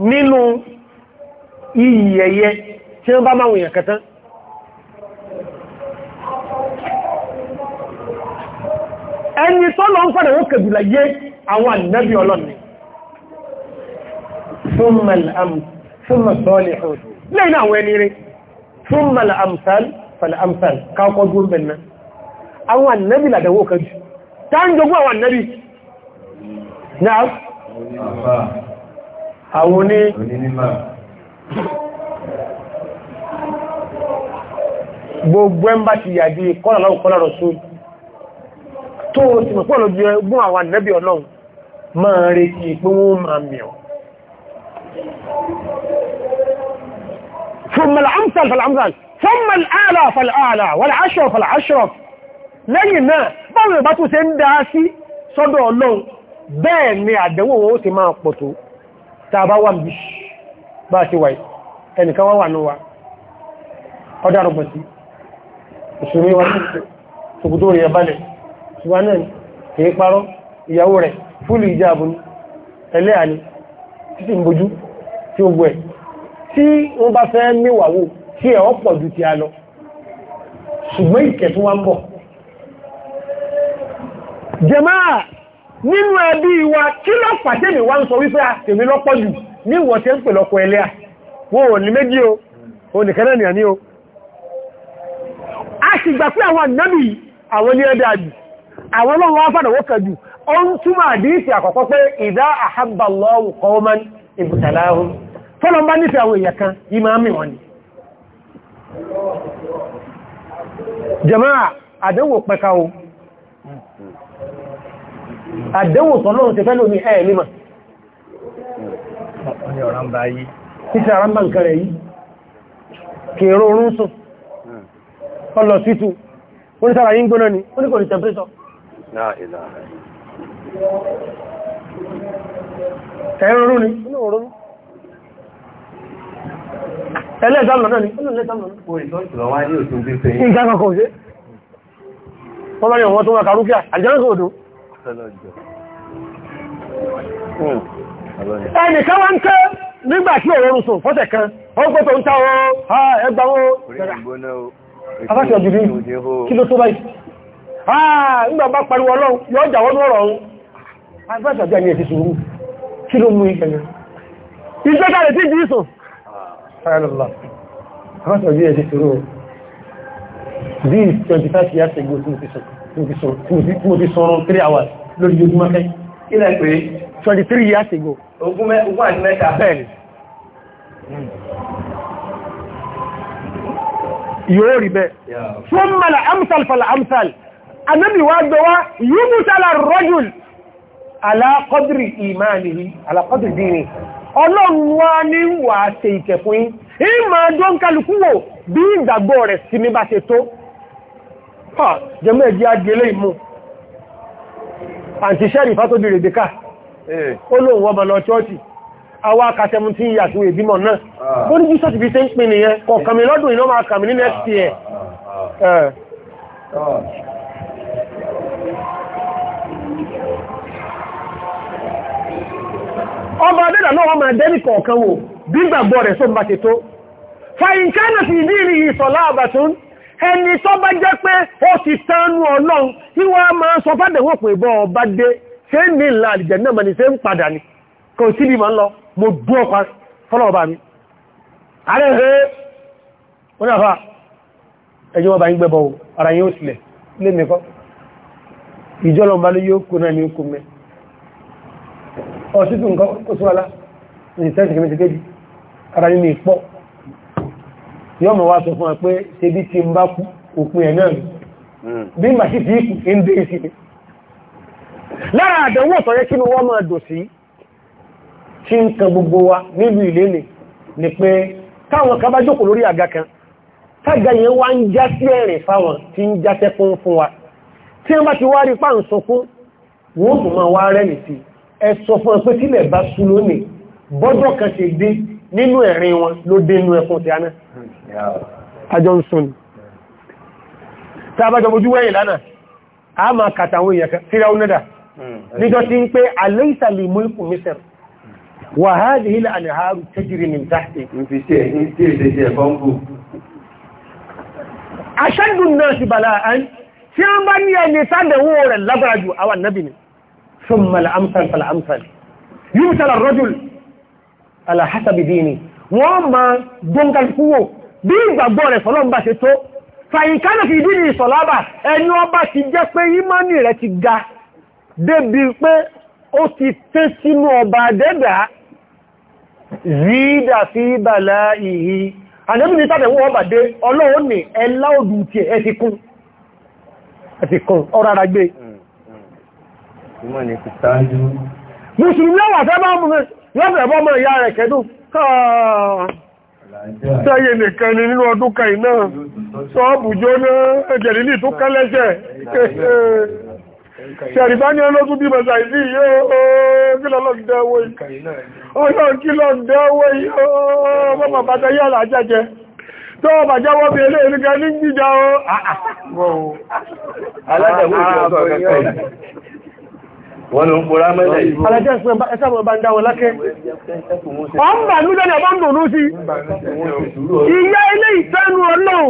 nínú iyẹ̀yẹ tí wọ́n bá máa wòyàn kẹtán ẹni tó lọ ń fọ́nà ó kẹbìlà yé àwọn ànábì ọlọ́ni fún mẹ́lẹ̀ lẹ́yìn àwọn ẹni rẹ̀ fún mẹ́lẹ̀ àmsàl fẹ́lẹ̀ àmsàl ń jogún àwọn ànábì náà àwọn oní gbogbo ẹ̀ ń bá ti yàjú kọ́nà láwọn kọ́nà rọ̀ sún tó ti mọ̀ pọ̀lọ̀ jẹ gún àwọn ànẹ́bí ọlọ́run máa retí pé wọ́n máa mìọ̀ ثم الأمثل فالأمثل ثم الأعلى فالأعلى والعشر فالعشر lẹ́yìn náà báwọn ìbá tó ṣe bẹ́ẹ̀ ni àdẹ̀wò owó ti máa pọ̀ tó tàbá wà bí bá ti wà ẹnìkan wà wà ní wa ọdá sí ìṣòro wa tókùtò rẹ̀ balẹ̀ wa náà kìí parọ́ ìyàwó rẹ̀ fúlù ìjáàbù ní títí ìbojú tí ó gbọ́ ẹ̀ ẹ̀ ti a nínú ẹbí wa kí lọ pàdé mi wá ń sọ wípé àtèmi ah, lọ́pọ̀ jù ní ìwọ̀n tí ń pè lọ́pọ̀ ẹlẹ́à wọn ò ní méjì o o nìkan náà nìyàn o a sì gbà pé àwọn ànábì àwọn ní ẹ̀dà jù àwọn ọlọ́run wá fàdàwó kà jù ó ń túmọ̀ àdíìsì àkọ́kọ́ pé ìdá àhábàlọ́wù kọ́ọ́mán ìbùtàláhùn tọ́lọ́n bá nífẹ̀ẹ́ àwọn èèyàn kan ìmọ̀ àmì àdánwò pẹ́ka o àdẹ́wò tọ́lọ́run ti fẹ́ lómi ẹ̀ mímọ̀ títí ara ń bá nǹkan rẹ̀ yìí kèrò orún sùn ọlọ̀ sítù oníṣàrà yí ń gbóná ni ó ní kò ní tẹ̀mpétọ̀ ẹ̀rọrún ni olóòrún ẹlẹ́ẹ̀dánlọ náà ni olóòrún ẹlẹ́ẹ̀dánlọ náà ẹnìkan wá ń ké nígbà tí òórùn sùn fọ́sẹ̀ kan ó gbé tó ń tá o ẹgbà o afáṣẹ́ ọjọ́ ní kí ló tó báyìí nígbà bá pariwo ọlọ́run yóò jà wọ́n lọ́rọ̀ ọ̀hún afáṣẹ́ ọjọ́ ní èsì sùúrù kí ló mú ìgbẹ̀yàn ìgbẹ́ta rẹ̀ tí jí sùn afáṣẹ́ ọjọ́ ní èsì sùúrù bí 25 years ago tí mo ti sọ̀kọ̀ mo ti sọ̀rọ̀ three hours lórí ojúmọ́ fẹ́. ilẹ̀ pé. twenty three years ago. ogún ogún àti mẹ́ta. bẹ́ẹ̀ni. yóò rí bẹ́ẹ̀. fún mọ̀lá amsal fọlá amsal anábì wá gbọ́wá yóò mú sálà rọ́jùl alákọ́dìrì ìmáàlìhì alákọ́dìrì dìní ọlọ́run wá ní wà á ṣe ìkẹ̀fún yín ìmọ̀ àjọ ń kálukú wò bí ìgbàgbọ́ rẹ̀ sí mi bá ṣe tó ha jẹmọ́ ẹ̀jẹ́ ajẹ́lé ìmú àti sẹ́rì fátóbi rèdíkà eh. ó lóun wọ́n bọ̀ lọ chọ́ọ̀tì 17 years wé ìbímọ náà ah. ó ní jesus fi ṣe ń pin nìyẹn kọ̀kànmí lọ́dún iná ọba àbàtún ẹni tó bá jẹ́ pé ó ti tánú ọlọ́run tí wọ́n máa sọ fádẹ̀wò pé bọ́ ọba dé ṣe ń ní ìlà àlìjẹ̀ náà mọ̀ ní ṣe ń padà ní kò sí ní ma ń lọ mo dú ọpa fọ́lọ̀ọba mi ààrẹ ẹ̀rẹ́ wọ́n náà fà ẹjọ́ wọn bá ń gbẹ́bọ̀ ara yóò sílẹ̀ lé mẹ́kọ́ ìjọlọ́mbá ló yóò kó náà ní okùn mẹ́ ọ̀sítù nǹkan kó súnwálá ní sẹ́ǹtì kẹmẹ́tẹ́kẹ́jì ara yóò ní ìpọ́ yọ́ mọ̀ wá sọ fún ẹ pé ṣebí tí ń bá kú òpin ẹ̀ náà ni hmm. bí mà sí ti kù ń dé sí lára àdánwò tọ́yẹ́ kí ni wọ́n máa dò sí tí ń kan gbogbo wa nílùú ilé ni ni pé táwọn kan bá jókòó lórí àga kan tága yẹn wá ń já sí ẹ̀rìn fáwọn tí ń já sẹ́kún fún wa tí wọ́n bá ti wá rí páà ń sọkún wọ́n tún máa wá rẹ́rìn sí ẹ sọ fún ẹ pé tílẹ̀ bá sú lónìí bọ́dọ̀ kan ṣe dé nínú ẹ̀rin wọn ló dé inú ẹkùn ti aná àjọ ń sùn tí a bá jọ mojú wẹ́yìn lánàá a máa kàtàwọn èèyàn kan síra onídà níjọ́ tí ń pé aléìsàlì mulku misir wà hádì hílẹ̀ àníhàrù tẹ́jìrì ní tàbí aṣẹ́dùn náà sí bàlá àán tí a bá ní ẹni sádẹ̀wó rẹ̀ aláhásábìdì ni wọ́n ma gbọ́nkàlùkúwò bí ìgbàgbọ́ rẹ̀ sọ́lọ́m bá ṣe tó fàyíkánà fi ìdí ní ìsọ̀lábà ẹni ọba ti jẹ́ pé ìmánì rẹ̀ ti ga débi pé ó ti tẹ́ sínú ọba dẹ́dà rídà fi bàlá ìhì àdébì ní tàbẹ̀ wọ́n bà dé ọlọ́run ní ẹlá òdù tí ẹ ti kún ẹ ti kún ọ̀rọ̀ ara gbé hmm, hmm. Mùsùlùmí ọwà fẹ́ bá mú mẹ́sàn lọ́bẹ̀ bọ́ mọ̀ ìyá rẹ̀ kẹ́dùn káàkiri nìkan ni nínú ọdún kàì náà sọ́ọ̀bù jóná ẹgbẹ̀rì ní ìtúkà lẹ́jẹ̀ ṣẹ̀rìbá ní ọlọ́dún bí mọ̀sá ìdí yóò kí lọ́lọ́dẹ́wọ́ yìí tó ọba jáwọ́ bí ilé ìrìnkà ní jíjà ó wọ́n ló ń kó rámẹ́lẹ̀ yìí. alájẹ́ ẹ̀sàbọ̀ bá ń dáwọ lákẹ́. ọ̀n bà ní lọ́nà bá ń dùn ní sí. ìyá ilé ìfẹ́nu ọlọ́run.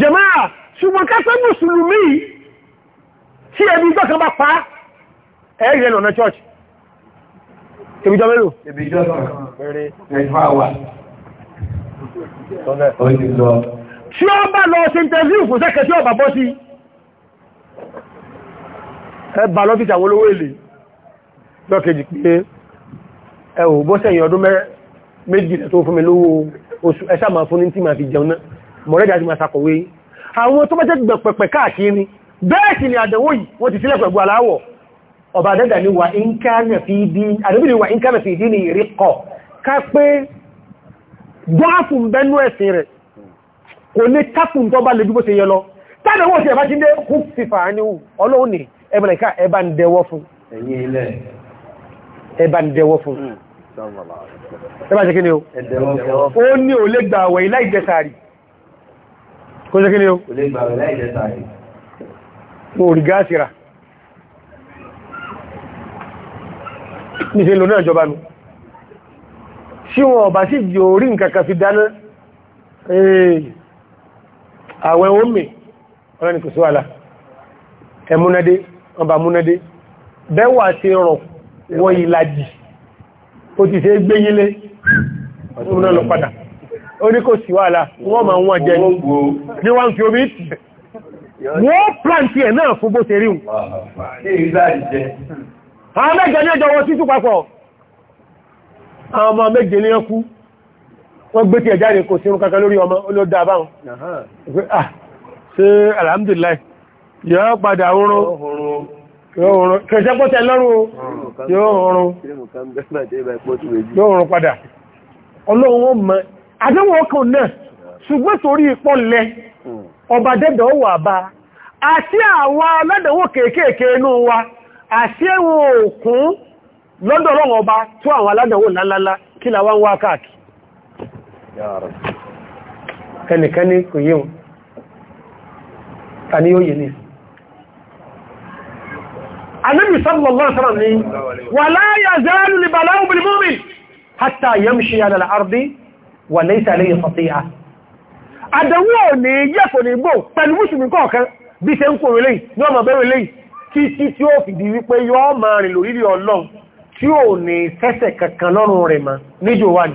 jàmáà ṣùgbọ́n kásán mùsùlùmí tí ẹbí gbọ́kan bá pa ẹ̀rẹ̀ lọ́nà church. ebijọ́ mélòó? ebijọ́ kan. ẹ̀fà wà. ọ̀nà ọ̀nà tí ó bá lọ ṣe interview fún sẹ́kẹ̀ tí ó bá bọ́ sí ẹbà lọ́fíìsì àwọn olówó èlé lọ́kejì pé ẹwò bọ́sẹ̀yìn ọdún méjì tó fún mi lówó oṣù ẹsà máa fún ní tí máa fi jẹun náà mọ̀rẹ́jà ti máa sàkọ̀wé àwọn tó bẹ́jẹ́ gbẹ̀pẹ̀pẹ̀ káàkiri bẹ́ẹ̀ sì ni àdẹ̀wò yìí wọ́n ti sílẹ̀ pẹ̀gbọ́ aláwọ̀ ọba àdẹ́dà ni wà ń kánà fi ìdí ní ìríkọ̀ ká pé gbọ́n fún bẹ́nú ẹ̀sìn rẹ̀ kò lè tápùn tó bá lè dúgbò ṣe yẹ lọ tàbí wọ́n ṣe ẹ̀bá jíndé kú fífà ní ọlọ́run ní ẹbẹ̀rẹ̀ ká ẹbá ń dẹwọ́ fún ẹbá ń dẹwọ́ fún hmm. ẹbá ṣe kí ni o ó ní o lè ni o mo rí gáàsì rà níṣe ọ̀bá sí jò orí nǹkan kan fi dáná ẹ̀ẹ́ àwẹ̀ omi ọ̀rẹ́ ni kò sí wàlá ẹmúnádé ọba múnádé bẹ́wà ti rọ̀ wọ ìlàjì ó ti ṣe gbéyílé ọdún lọ padà ó ní kò sí wàlá wọ́n ma wọ́n jẹ ní wọ́n fi omi tì wọ́n plant náà fún bó ṣe rí wọ́n gbé tí ẹ̀ jáde kò sínú kankan lórí ọmọ olóòdá ah, ṣe alhamdulillah yọ́ padà oorun yóò oorun kẹsẹ́ pọ́tẹ lọ́rùn yóò oorun oorun padà ọlọ́run mọ́ ọkàn náà ṣùgbọ́n torí ipọ́ lẹ hmm. ọba àti àwọn inú wa àti òkun ọba tó ẹnìkan ní kò yíò ta ni yóò yìí ní anábì sallallahu alaihi wasallam ni wà láyà záàlù ní bàláwù bil mu'min hatta yamshi ala al-ardi wà laysa alayhi khati'ah àdánwò ní yẹ́kọ̀ ní gbò pẹ̀lú mùsùlùmí kọ̀ọ̀kan bí ṣe ń kò relé ní ọmọ bẹ́rẹ̀ lé tí tí tí ó fìdí wípé yọ́ máa rìn lórí ọlọ́run tí ò ní sẹ́sẹ̀ kankan lọ́rùn rẹ̀ ma níjò wà ní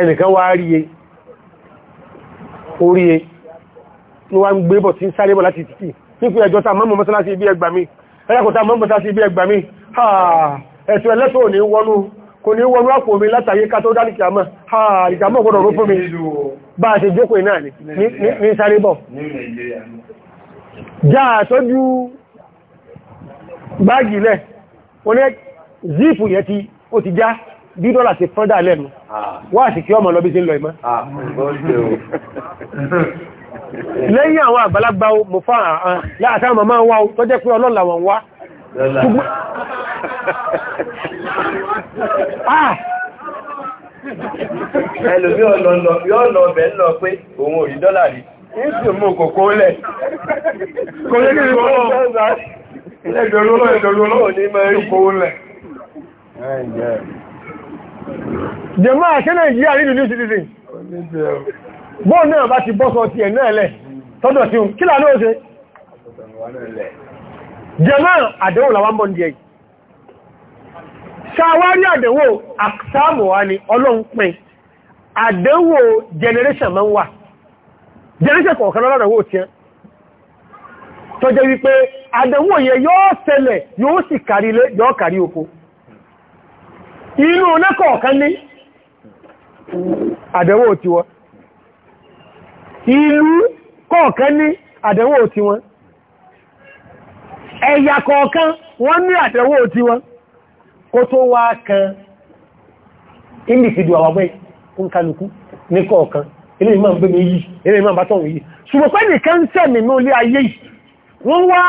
ẹnìkan wá rí e orí e ló wá ń gbé bọ̀ tí ń sáré bọ̀ láti títì nípò ẹjọ́ ta mọ́mọ́ mọ́sálásí ibi ẹgbà mi ẹlẹ́kọ̀ọ́ta mọ́mọ́ mọ́sálásí ibi ẹgbà mi ẹ̀sùn ẹlẹ́tọ̀ ò ní wọnú kò ní mi látàrí ká tó dáríkì àmọ́ ìjàmọ́ ọ̀gbọ́dọ̀ rú fún mi bá a ṣe jókòó báàgì lẹ̀ wọ́n ní zíìpù yẹ ti ó ti já bí dọ́là ti fọ́dà lẹ́nu ah. wá àti kí ọmọ lọ́bí sí lọ ìmọ́ ah, lẹ́yìn àwọn àgbàlagbà mọ̀ fún àtàwọn màmá wá tó jẹ́ pé ọlọ́là wọn wá ah! ẹlòmí ọ̀nà yọ́ lọ bẹ̀ ń lọ pé òun ò rí dọ́là rí ìsìn mú kòkó lẹ̀ kò ní kí ní kòkó lẹ̀ ẹ̀dọ̀rọ̀ jẹ̀mọ́ àṣẹ nàìjíríà ní ìlú citizen bọ́ náà bá ti bọ́sọ̀ ti ẹ̀ náà tọ́dọ̀ sí un kí là náà ṣe jẹ̀mọ́ àdẹ́wò làwọn bọ́ ní ẹ̀ ṣàwárí àdẹ́wò ni ọlọ́run pín àdẹ́wò generation máa ń wà oko inú onákọ̀ọ̀kan ní àdẹ̀wò tí wọ́n ìlú ní àdẹ̀wò tí wọ́n ẹ̀yà kọ̀ọ̀kan wọ́n ní àdẹ̀wò tí wọ́n kó tó wá kan individual àwọ̀gbẹ́ nkàlùkú ní kọ̀ọ̀kan ilé ilé ìmọ̀ ṣùgbọ́n ayé yìí wọ́n wá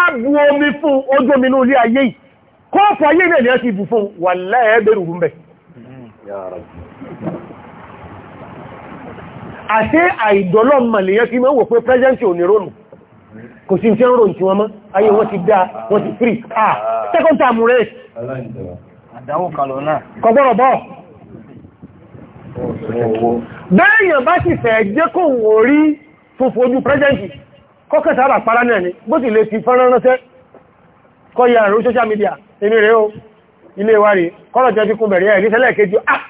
omi yìí kọ́ọ̀fù ayé náà ni a ti bù fún wà láẹ́bẹ̀rù rúmbẹ̀ àti àìdọ́lọ́ màlèyàn ti mẹ́wò pé pẹ́sẹ̀ntì ò ní rónù kò sí tí ó ń rò tí wọ́n mọ́ ayé wọ́n ti dá wọ́n ti free ah second time rẹ̀ kọgbọ́rọ̀ bọ́ bẹ́ẹ̀yàn bá sì fẹ́ jẹ́ kò wò rí fòfò ojú pẹ́sẹ̀ntì kọ́kẹ́ sára pàrá náà ni bó sì lè ti fẹ́ràn ránṣẹ́ kọ́ yà rẹ̀ social media èmi rẹ̀ o ilé wa rẹ̀ kọ́lọ̀ jẹ́ fíkún bẹ̀rẹ̀ ẹ̀rí sẹ́lẹ̀ kejì ah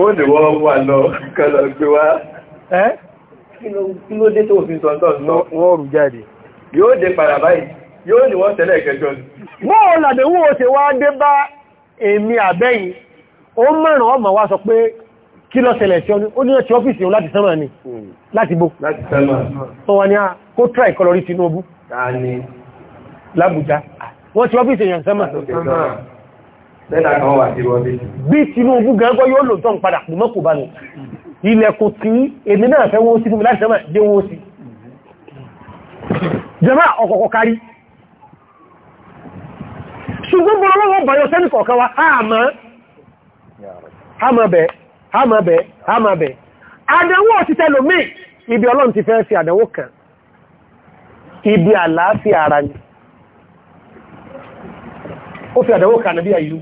wọ́n ni wọ́n wà lọ kọ́lọ̀ gbé wá ẹ́ kí ló dé tó fi sọ́ntọ́ wọ́n rù jáde yóò wa sọ pé kí lọ ṣẹlẹ̀ tí ó ní ọ̀tí ọ́fíìsì òun láti sánmà ní hmm. láti bó láti sánmà tó wà ní a ah, kó try kọlọrí Tinubu lábújá wọ́n ti ọ́fíìsì èèyàn sẹ́mà bí Tinubu gẹ́gọ́ yóò lò tán padà pù mọ́kù bá nù ilẹ̀kùn tí èmi náà fẹ́ wọ́n sí fún mi láti sẹ́mà jẹ́ wọ́n sí jẹ́mà ọ̀kọ̀kọ̀ kárí ṣùgbọ́n bọ́rọ̀ lọ́wọ́ bàyọ̀ sẹ́nì kọ̀ọ̀kan wa àmọ́ àmọ́bẹ̀ àmọ́bẹ̀ ibi Ọlọ́run ti fẹ́ sí ibi àlàáfíà ara ni ó fi àdánwò kà nàbí àyílú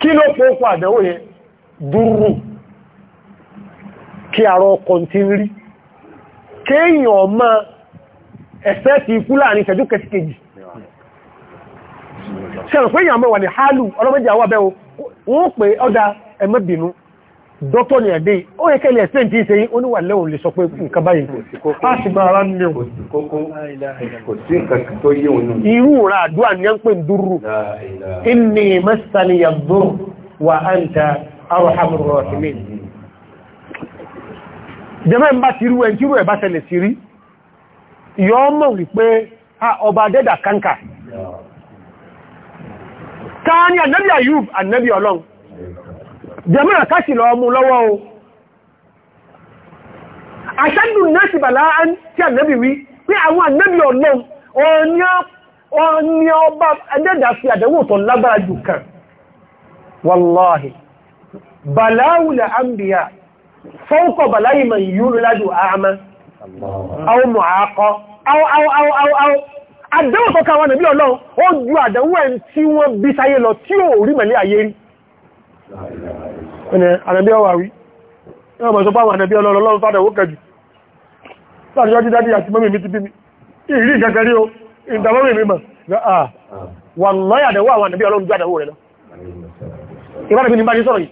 kí ló pọ̀ pọ̀ àdánwò yẹn dúrù kí àrọ ọkọ̀ tí ń rí kéèyàn ọmọ ẹ̀fẹ́ ti ikú láàrin ìṣẹ́jú kẹsíkejì ṣẹ̀rọ̀ pé èyàn mọ́ wà ní hálù ọlọ́mọdé àwọn abẹ́ wọ́n pè ọ́dá ẹmọ́bìnú dọ́tọ̀ ni ẹ̀dẹ́ o yẹ kẹ́lẹ̀ ẹ̀sìn tí lè sọ pé nǹkan báyìí bá ara ní ohun irú ra àdúrà ní ẹ́n inni wa anta arhamur rahimin jẹ́mẹ́ ń bá ti rú ẹ̀ tí ba ẹ̀ siri ṣẹlẹ̀ sí rí kanka káà Ayub Olong. jẹ́mọ́ àkáṣì lọ mú lọ́wọ́ o aṣẹ́dù náà ti bàlá tí ànẹ́bì wí pé àwọn ànẹ́bì ọlọ́run ọ̀ní ọba ẹ̀dẹ́dà fi àdẹ́wò tó lágbára jù kan wallahi bàláwùlà àmbìyà fọ́ọ̀kọ̀ bàláyì mọ̀ yìí lájú àmà àwọn mọ̀ àkọ́ àdẹ́wò tó káwọn ànẹ́bì ọlọ́run ó ju àdẹ́wò ẹ̀ tí wọ́n bí sáyé ànàbí ọwà wí ẹwà mọ̀ sọ pàwọn ànàbí ọlọ́run fádà owó kẹjù láti ọjọ́ dídádí àti mọ́mí mi ti bí mi ìrí ìkẹkẹrí o ìdàmọ́mí mi mọ̀ wà lọ́yàdẹ̀wọ́ àwọn ànàbí ọlọ́run jádáwó rẹ̀ lọ ìbára bí ní bá ní sọ̀rọ̀ yìí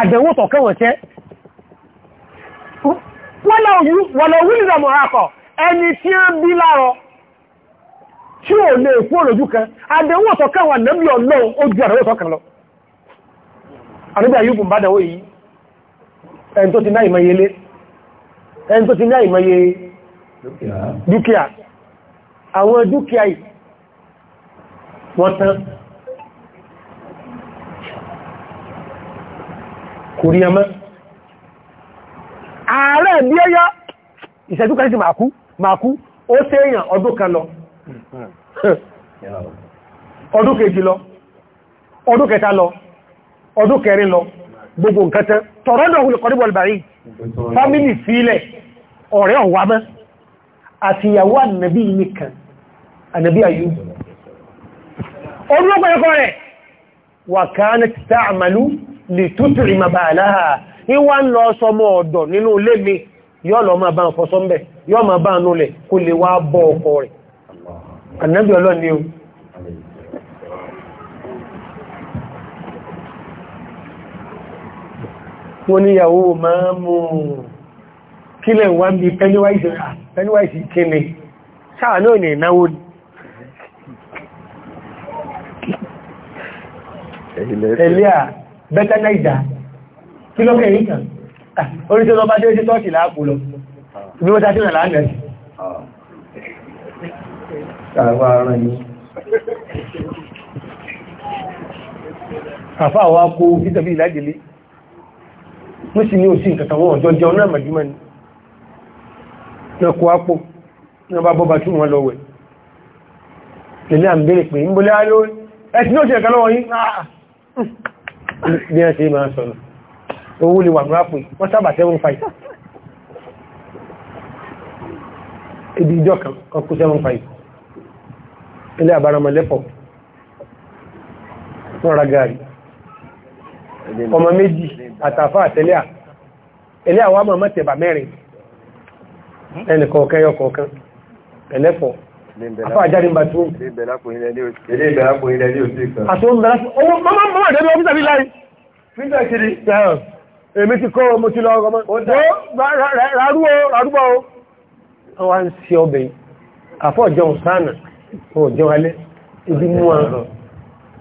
àdẹ̀wò tọ̀kẹ́wọ̀ tẹ́ wọ́n lọ wílì tí ò lè fún òròjú kan àdẹ̀wò ọ̀tọ̀kàwà nẹ́bí ọlọ́run ó ju àdẹ̀wò lọ bùn bá yìí ẹni tó ti ẹni tó ti ná ìmọ̀ye dúkìá àwọn dúkìá wọ́n tán kò rí ẹmọ́ ààrẹ bí ẹyọ ìṣẹ́jú kan sí ó ọdún kan lọ Hmm. ọdún kejì lọ ọdún kẹta lọ ọdún kẹrin lọ gbogbo nǹkan tán tọ̀rọ̀dọ̀ òun kọ̀ níbọ̀ ìbàrí fámílì sílẹ̀ ọ̀rẹ́ ọ̀wà mẹ́ àti ìyàwó ànàbí nìkan ànàbí ayú ọdún ọgbẹ̀rẹ̀kọ́ rẹ̀ wà ànábì ọlọ́run ni o wọ́n ní ìyàwó máa mú kílẹ̀ wá ń bí pennywise ah, kíni sáà náà ní ìnáwó ni ẹ̀lẹ́à bẹ́tẹ́ náà ìdá kí lọ́kẹ̀ yìí kan ah, orí tí ó lọ bá dé ojú tọ́ọ̀kì láàpù lọ bí wọ́n tá sí nà láàrín káàwà ara yìí àfá àwọn akó fítàbí ìlàjìlé wọ́n sì ní òsì ìkàtàwọn ọ̀jọ́ jẹun náà màjúmọ́ ni náà kó ápò náà bá bọ́bá tí wọ́n lọ́wẹ̀ tẹ̀lé à ń bèèrè pé ń bọ́lé ayó ẹ̀sì ní òsì ìkàlọ́wọ̀ yìí ah! bí wọ́n ṣe máa sọ̀rọ̀ owó lè wà ní ápò wọ́n sábà tẹ́wọ́n fàìsà kan ọkùn ilé àbáramọ̀lẹ́pọ̀ wọ́n ra gààrí ọmọ méjì àtàfà àtẹ́lẹ́à ilé àwọn àmà mọ́tẹ̀bà mẹ́rin ẹnì kọ̀ọ̀kan yọ kọ̀ọ̀kan ẹlẹ́pọ̀ afọ́ àjáde ń bá tún ilé ìbẹ̀lápò ilẹ̀ ní òsì ilé ìbẹ̀lápò ilẹ̀ ní òsì kan àti oúnjẹ owó mọ́mọ́ mọ́mọ́ àdébí ọmọ tàbí láì fíjọ ìṣẹ́lẹ̀ èmi ti kọ́ ọmọ tí lọ ọmọ rárú ọ rárú ọ wọ́n ń ṣe ọbẹ̀ àfọ́ jọun sánà wọn ò jẹun alẹ́ ibi mú wa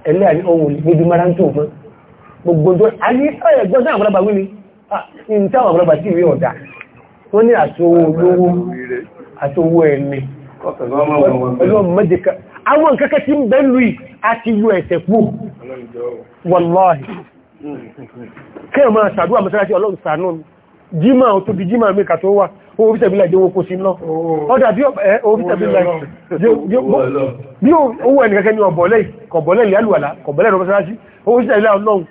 ẹlẹ́ àní ohun níbi mara ń tó mọ́ gbogbo tó ayé ẹgbọ́n sáà àbúrábà wí ni ní táwọn àbúrábà sí ìwé ọ̀dà wọ́n ní àtòwò olówó àtòwò ẹ̀mí ọlọ́mọdéka àwọn nǹkankan tí ń bẹ́ lù ì àti yọ ẹ̀sẹ̀ pò wọ́lọ́ọ̀hì kí ẹ̀ máa ṣàdúrà mọ́sálásí ọlọ́run ṣàánú mi jímà ò tóbi jímà mẹ́ka tó wà owó tẹ̀bílà jẹ́ owó sí lọ ọdá bí owó tẹ̀bílà bí owó ẹnìkẹ́kẹ́ ní ọ̀bọ̀lẹ̀ kọ̀bọ̀lẹ̀ ìyálùwàlá kọ̀bọ̀lẹ̀ ìrọ̀mọ́sáráṣí owó tẹ̀bílà ọlọ́run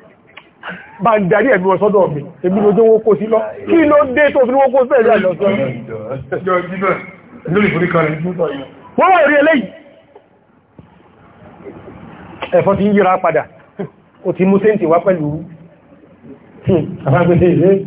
bá ń darí ẹ̀mí wọn sọ́dọ̀ mi èmi ló jẹ́ owó kó sí lọ kí ló dé tó fi owó kó sí ẹ̀rọ ìlọ́sọ́ wọ́n wọ́n rí eléyìí ẹ̀fọ́ ti ń yíra padà ó ti mú séǹtì wá pẹ̀lú hmm, àfágbẹ́sẹ̀ ìrẹ́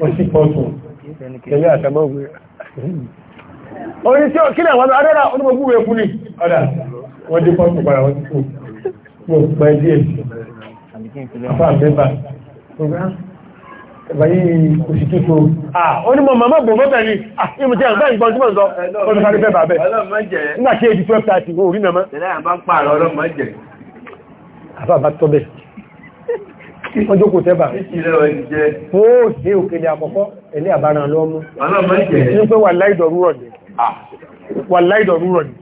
òṣìpọ̀tún ẹ̀yẹ́ àtàmọ́gbé orí tí ó kílẹ̀ wọn adẹ́rà onígbogbo ẹkú ní ọ̀dá wọ́n dé pọ́pù padà wọ́n tó mọ́ pẹ́ díẹ̀ àpá àbẹ́bà ẹ̀bàyí oṣù tuntun ah onímọ̀ màmá bò mọ́ta ní ìmú tí a ń bá ìgbọ́n tí mọ́ sọ olùkárí bẹ́bà bẹ́ nígbà tí èdè 12:30 orí nàmá àbá bá tọ́bẹ̀ wọ́n jókòó tẹ́bà ó ṣe òkèlè àkọ́kọ́ ẹ̀lẹ́ àbáràn lọ́mú ní pé wà láìdọ̀rúrọ̀ ni wà láìdọ̀rúrọ̀ ni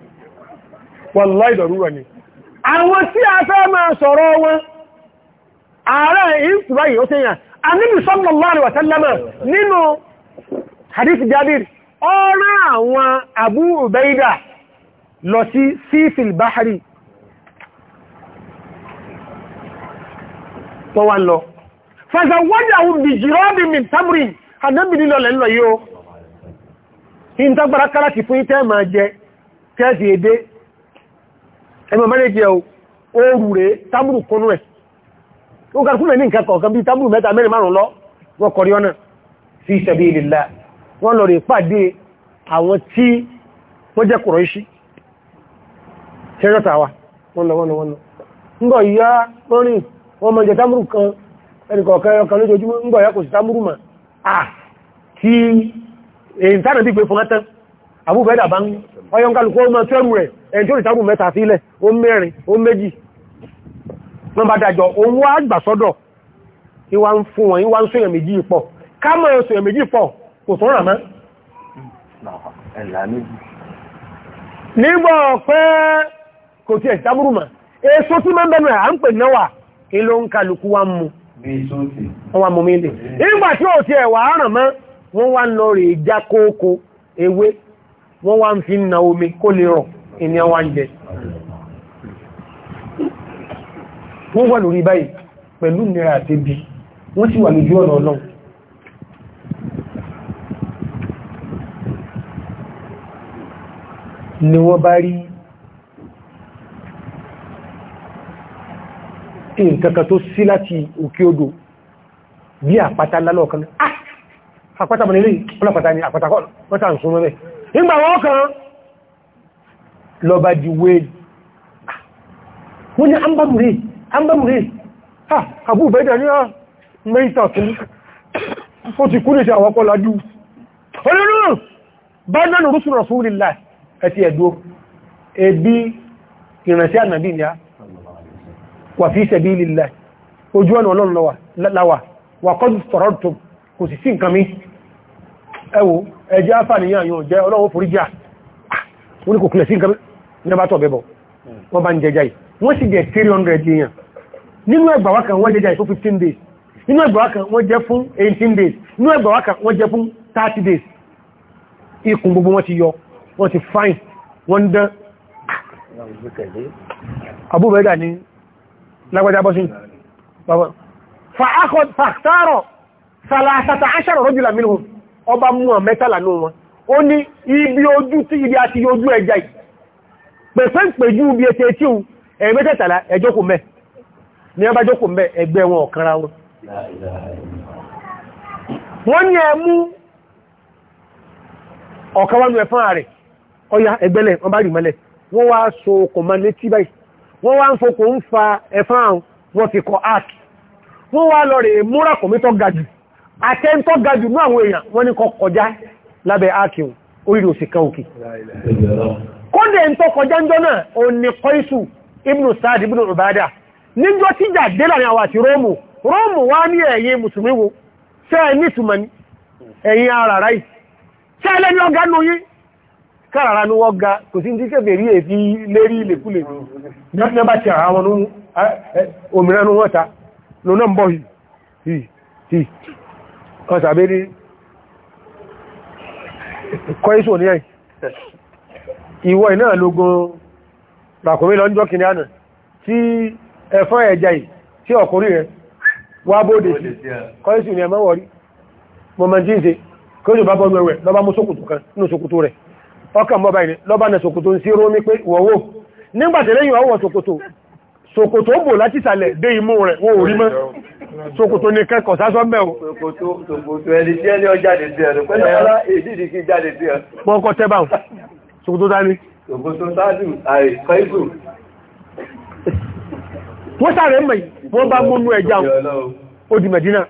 wà láìdọ̀rúrọ̀ ni àwọn tí a fẹ́ máa sọ̀rọ̀ wọn ààrẹ ìsúráyìí ó tẹ́yàn Ànábì sallallahu alaihi wa sallam nínú hadith Jabir ọ̀rọ̀ àwọn Abu Ubaida lọ sí sífìl bahari tó wá lọ fẹ́sẹ̀ wọ́jà ohun bí mi tamrin anábì nílọ lẹ́lọ yóò in tagbara káràkì fún itẹ́ ma jẹ tẹ́ẹ̀sì èdè ẹmọ mẹ́rin jẹ oòrù rẹ̀ tamuru kúnnú ẹ̀ ó kàrùkúnlẹ̀ ní nǹkan kọ̀ọ̀kan bí tamuru mẹ́ta mẹ́rin márùn lọ wọ́n kọrí ọ́nà sí sabilillah wọ́n lọ rẹ̀ pàdé wọ́n mọ̀ jẹ támúrù kan ẹnìkọ̀ọ̀kan ẹyọkan lójoojúmọ́ ń gbọ̀yá kò sí támúrù mà à tí èyí tánà bí pé fún ẹ́tán àbúbẹ́dà bá ń ọyọ́nkálùkú ọmọ tẹ́rù rẹ̀ ẹni tó ìtàkùn mẹ́ta sílẹ̀ ó mẹ́rin ó méjì wọ́n bá dájọ́ òun wá gbà sọ́dọ̀ ìwà ń fún wọn ìwà ń sọ èèyàn méjì pọ̀ ká mọ̀ nígbọ̀ pé kò tiẹ̀ sí tábúrù mà èso tí mẹ́bẹ̀rẹ̀ à ń pè náwà Ilo ń kàlùkú wá mú wọ́n wá mú nígbà tí ó ti ẹ̀wà àrùn mọ́ wọ́n wá lọ rí ìjá kóókó ewé wọ́n wá ń fi na lè rọ̀ ènìyàn ń jẹ wọ́n wà lórí báyìí pẹ̀lú nira àti bí wọ́n sì wà lójú ọ̀nà nǹkankan tó sí láti òkè odò bí àpáta lálọ́ ọ̀kan ah àpáta mọ̀ nílé ọlọ́pàá ni àpáta wọ́n tàà ń sún mẹ́rẹ̀ nígbà wọ́n kan lọba di wéèlì ah! wọ́n ah! ni ambamure ah! ambamure ha àbú ìbẹ̀dà ní mẹ́ta tún ó ti kú ní ṣe àwọ́pọ̀ lájú olórùn bá nánà rúsùn rọ̀ fún ìrìnlá ẹ̀tì ẹ̀dọ́ ẹbí ìrìnàṣẹ́ wà fi sabilillah ojú ọ̀nà ọlọ́run láwà wà kọ́ tọ̀rọ̀tọ̀ kò sì sí nǹkan mi ẹwò ẹjẹ́ àfàníyàn yóò jẹ́ ọlọ́run forí jà ah, wọ́n ni kò kìlẹ̀ sí nǹkan nígbà tọ̀ bẹ̀bọ̀ wọ́n bá ń jẹjá yìí wọ́n sì gbogbo wọn ti yọ wọ́n ti fine wọ́n dán ah, abúbẹ̀dà ni lágbàjá bọ́ sí fàtàrọ̀ sàlàsàtà àṣàrọ̀ rọ́jùlá mìíràn ọba mú à mẹ́tàlá ní wọn ó ní ibi ojú tí ibi àti ojú ẹja yìí pẹ̀fẹ́ pẹ̀jú bí ẹ̀tẹ̀ tí ó ẹ̀mẹ́tẹ̀tàlá ẹjọ́kù mẹ́ ní ọba jọ́kù mẹ́ ẹgbẹ́ wọn ọ̀kanra wọn wọ́n ní ẹmú ọ̀kan wọn ẹ̀fán wọ́n wá ń fokò ń fa ẹ̀fán àwọn wọ́n fi kọ arc wọ́n wá lọ rẹ̀ múra kọ̀mí tó gajù àtẹ́ntọ́ gajù ní àwọn èèyàn wọ́n ní kọ kọjá lábẹ́ arc orílẹ̀ òsì kan òkè kódé ń tọ́ kọjá ń jọ́nà ò ní kọ́ìsù káràrà ní wọ́n ga kò sí tí kèfèrí èfi lérí ìlèkúlè ní bá ti ara wọn òmìnira ní wọ́n ta lónà ń bọ̀ yìí ọ̀sàbé ní kọ́ísò ní ẹ̀yìn ìwọ̀ iná lógún ràkùnrin lọ níjọ́ kìnnì ànà tí ẹ̀fọ́ ẹ̀já yìí tí ọkùnrin rẹ̀ wá bóde sí kọ́ísò ní ẹ̀mọ́wọ̀rí mọ̀mọ̀ jíǹse kí ó lè bá bọ́ mẹ́wẹ̀ mú sókùtù kan nínú sókùtù rẹ̀ ọkàn bọ́bá ilẹ̀ lọ́bá na ṣòkòtò ń sí rómi pé wọ̀wọ́ nígbàtí lẹ́yìn ọwọ́ ṣòkòtò ṣòkòtò bò láti sàlẹ̀ dé imú rẹ̀ wọ́n ò rí mọ́ ṣòkòtò ní kẹ́kọ̀ọ́ sásọ́ mẹ́ o wọ́n sáré mẹ́ wọ́n bá múnú ẹja ó di Mẹ̀dínà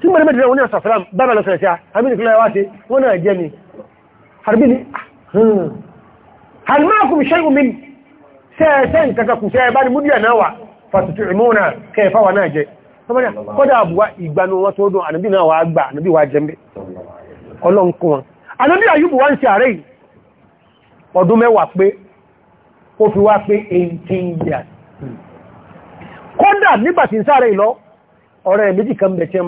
tí mẹ́rin Mẹ̀dínà wọ́n ní àṣàfẹ́lá bára lọ́sẹ̀ẹ́sẹ́ àmì ìkúlẹ̀ wá sí wọ́n náà jẹ́ ni harbi ni ah Hmm. hal ma'akum shay'un min sẹ́ẹ̀sẹ́ nǹkan kù sẹ́ẹ̀ nawa ní múdíà náà na fàtùtù ìmúnà kẹfà wà náà jẹ kọ́dà àbúwá ìgbanu wọn agba dùn ànàbí náà wà gbà ànàbí wà jẹ́mbé ọlọ́nkún wọn ànàbí pe wá ń ṣe fi wá pé 18 years kọ́dà nígbà tí ń kan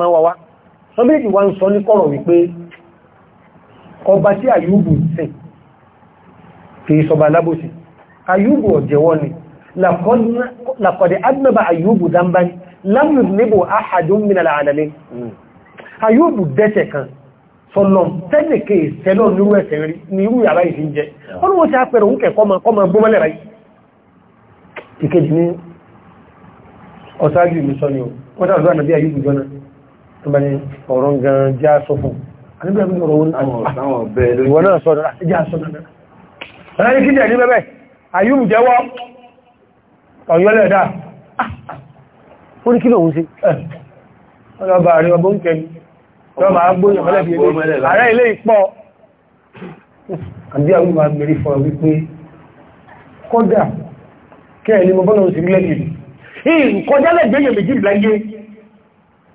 ọba kìí sọba alábòsí ayúbù ọ̀jẹ̀wọ́ ni lakọ̀dẹ̀ agbẹ́bà ayúbù dánbá ní lámùd níbò áhàjú mìnà àdàmì ayúbù dẹ́tẹ̀ kan sọ́lọ́m tẹ́lẹ̀kẹ́ ìṣẹ́lọ́ nírú ẹ̀sẹ̀ rí ní irú yàrá ìfin jẹ́ wọ́n wọ́n ti apẹ̀rẹ̀ oúnkẹ̀ kọ́mọ gbọ́mọ́lẹ̀ ráyí ìkejì ní ọ̀sájú ìlú sọ́ni wọ́n tàbí wà nàbí ayúbù jọ́nà tó bá ní ẹ̀rẹ́ ní kí jẹ́ ní bẹ́bẹ̀ àyúrù jẹ́wọ́ ọ̀yọ́lẹ̀ dáa ó ní kí lòun sí ọlọ́bà rí ọbọ̀ ń kẹni lọ́bà agbóyàn mọ́lẹ̀bí ààrẹ ilé ìpọ̀ àbí àwọn ìwà mẹ́rí fọ́ wípé kódà kẹ́ẹ̀ ni mo bọ́nà òsì rílẹ̀ kìí ìkọjálẹ̀ gbẹ́yẹ̀ méjì láyé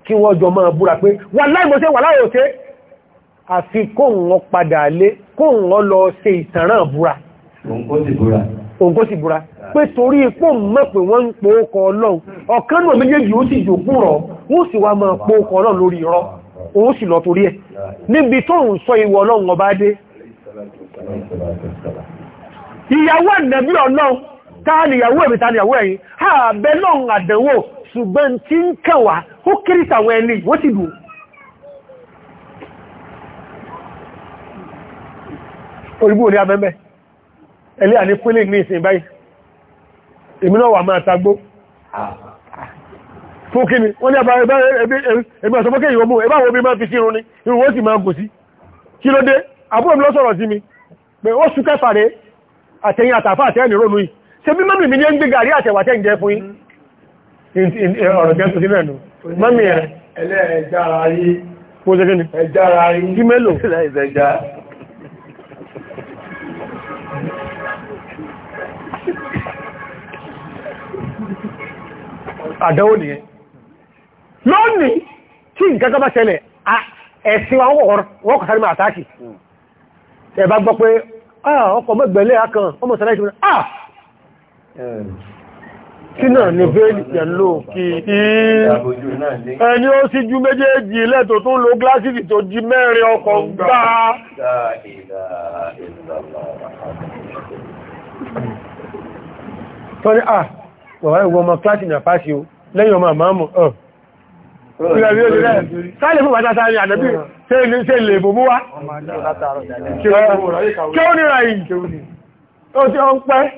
kí wọ́n jọ máa búra pé wà láìmọ́sẹ́ òǹkó sì búra pé torí ipò mọ́ wọ́n ń po ọkọ̀ ọlọ́run ọ̀kan náà méjèèjì ó sì jòkú rọ̀ wọ́n sì wá máa po ọkọ̀ ọlọ́run lórí rọ́ òun sì lọ torí ẹ̀ níbi tó ń sọ ìwọ̀ ọlọ́run ẹlẹ́ àní fúnlẹ̀ ní ìsìn báyìí èmi náà wà máa tagbó fún kí ni wọ́n ní àbára ẹgbẹ́ ọ̀sọ̀fọ́kẹ́ ìwọ̀mú ẹbáwọ̀ bí máa fi sí irun ni irun ó sì máa gò sí kí ló dé àbúrò mi lọ sọ̀rọ̀ sí mi pé ó sún kẹfà rẹ̀ àtẹ̀yìn àtàfà àtẹ́ẹ̀nì rónú yìí ṣe bí mọ́mì mi ní ń gbé gàrí àtẹ̀wà tẹ́ ń jẹ fún yín ọ̀rọ̀ jẹ́ tó sí lẹ́nu mọ́mì ẹ̀ ẹlẹ́ ẹ̀jára yìí àdánwò nìyẹn lónìí tí nǹkan tó bá ṣẹlẹ̀ ẹ̀sìn àwọn wọ́n kọ̀ sáré máa àtàkì hmm. ẹ̀bá gbọ́ pé ọkọ̀ mẹ́gbẹ̀lẹ́ àkàn ọmọ sáré ìṣẹ́ ah kí hmm. náà ni bẹ́ẹ̀lì pẹ̀lú kí hmm. ẹni ó sì ju lo gláṣìkì tó jí mẹ́rin ọkọ̀ ah wọ̀wá ìwọ ọmọ kíláàsì ní àpáṣì o lẹ́yìn ọmọ àmàmù ọ̀ sáàlẹ̀ fún bàtà sáàrẹ̀ àdẹ́bí ṣe lè bòbú wá kí ó nira yìí ó tí ó ń pẹ́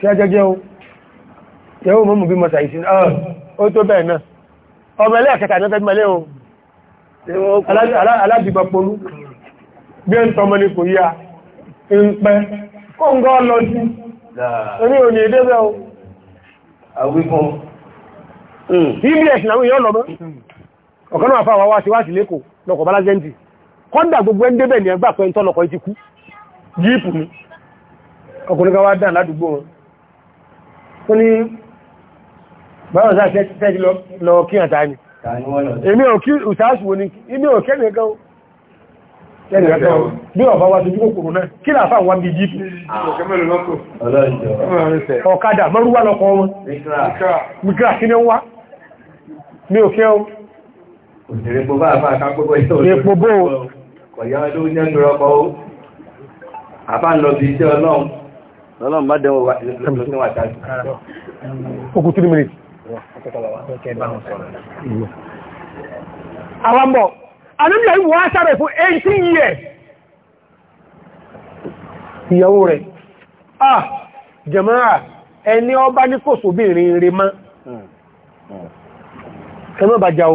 sí ajẹ́jẹ́ o yẹ́wò mọ́mù bí mọ́sà ìsin ó tó bẹ́ẹ̀ náà ọmọ ẹlẹ́ ẹ̀kẹta ní ọjọ́ mẹ́lẹ́ o alájìgbà polú bí ẹ̀ ń tọmọ ní kò yíya ìpẹ́ kó ń gọ́ lọ sí orí òní ìdébẹ̀ o àwíkún hmm. ibs láwọn èèyàn lọ́mọ́ ọ̀kan náà fáwọn wá sí wá sí lẹ́kọ̀ọ́ lọ́kọ̀ bálájẹ́ntì kọ́ndà gbogbo ẹ́ débẹ̀ ní ẹgbà pẹ́ tọ́lọ̀kọ́ ti kú jíìpù ni ọkùnrin kan wá dà ládùúgbò wọn tó ní báwọn sáà tẹ́jì lọ kí àtà ni èmi ò kí ìsáàsùwò ni ibi ò kẹ́ bí ọba wa ti jú kòkòrò náà kí láàfà wà bí jípù ọ̀kadà mọ́rúwà lọ́kọ̀ wọn mìkírà kí ní wá ní òkè o èpo bó kọ̀yá ló ní ẹgbẹ̀rẹ̀ ọkọ̀ o àbá lọ bí iṣẹ́ ọlọ́run lọ́lọ́run bá dẹ̀wọ̀ wà tàbí okùn 3 minutes àlúlẹ̀ ìwọ̀ aṣàrẹ̀ fún 18 years ìyàwó rẹ̀ ah jẹ̀máà ẹni ọba ní kò sóbìnrin rẹ̀ má ẹmọ́ bá jáo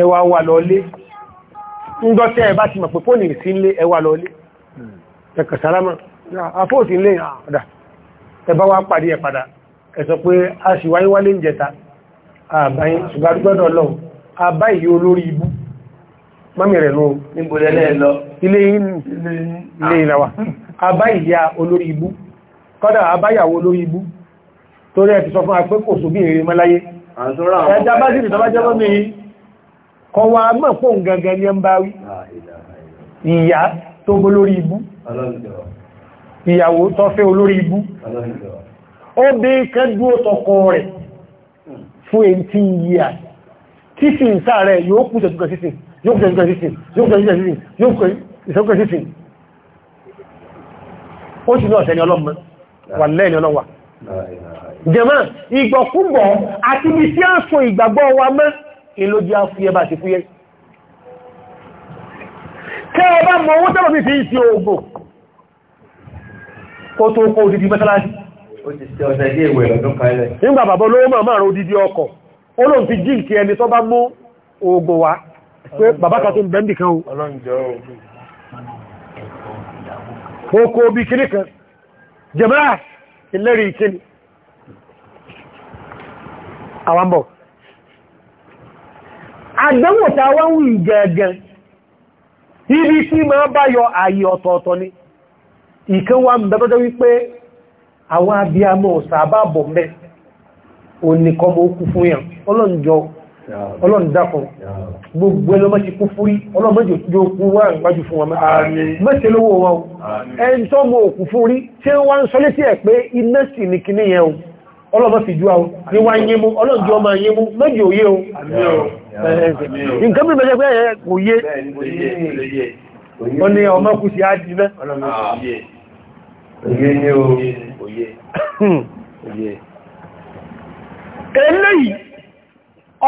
ẹwà wà ń ti mọ̀ pé fóònì sí ilé ẹwà lọlé ẹkàsárámà àfóòsí ilé àdá ah, ẹbá wá pàdé ẹ̀ padà ẹ̀sọ pé a sì wáyé wálé ń jẹta àbáyín ṣùgbàdúgbọ́dọ̀ àbá ìyí olórí ibú mọ́mí rẹ̀ lóò ilé ìlàwà àbá ìyá olórí ibú kọ́dà àbáyàwó olórí ibú torí ẹ̀ ti sọ fún apé kò sóbí ìrìn mọ́láyé ẹ̀dà bá sí ìtọ́bá jẹ́ mọ́mí kọ wa mọ́ fóun gangan ní ẹmbáwí ìyá tó olórí ibú ìyàwó tó fẹ́ olórí ibú ó bí kẹ́dú títí ń sáà rẹ̀ yóò kú ìṣẹ́jú kan sísìn yóò kú ìṣẹ́jú kan sísìn yóò kú ìṣẹ́jú kan sísìn yóò kú ìṣẹ́jú kan sísìn ó sì ní ọ̀sẹ̀ ni ọlọ́mọ wà lẹ́ni ọlọ́wà jẹ́mọ́ ìgbọ̀kúgbọ̀ àti ibi tí a ń so ìgbàgbọ́ wa mọ́ ìlójí a fúyẹ́ bá ti fúyẹ́ kẹ́ ọba mọ̀ owó tẹ́lọ̀ mi fi ń fi ògbò kó tó kó odidi mẹ́tàlá olóhùn ti jíǹkì ẹni tó bá mú oògùn wá pé bàbá kan tó ń bẹ́ndì kan o oko obi kìrì kan jẹmọ́ra ìlẹ́rì ìkìrì àwambọ̀ àdánwò ta wá ń ibi tí ma bá yọ àyè ọ̀tọ̀ọ̀tọ̀ ni ìkan wá ń bẹ́bẹ́dẹ́ wípé àwọn abiyamọ̀ sàbábọ̀ mẹ́ oníkọ́ mọ́ kú fún yàn ọlọ́njọ́ ọlọ́ndakọ̀ gbogbo ẹlọ́mọ́ ti kú fúrí ọlọ́mọ́jọ́ kú wá ń gbájú fún wọn mẹ́sẹ̀ lówó wọn ẹn tó mọ́ òkú fúrí tí wọ́n ń sọ létí ẹ̀ pé iná sì ní kìní yẹn o ọlọ́mọ́ fi jú àwọn ní wá yẹmú ọlọ́njọ́ eléyìí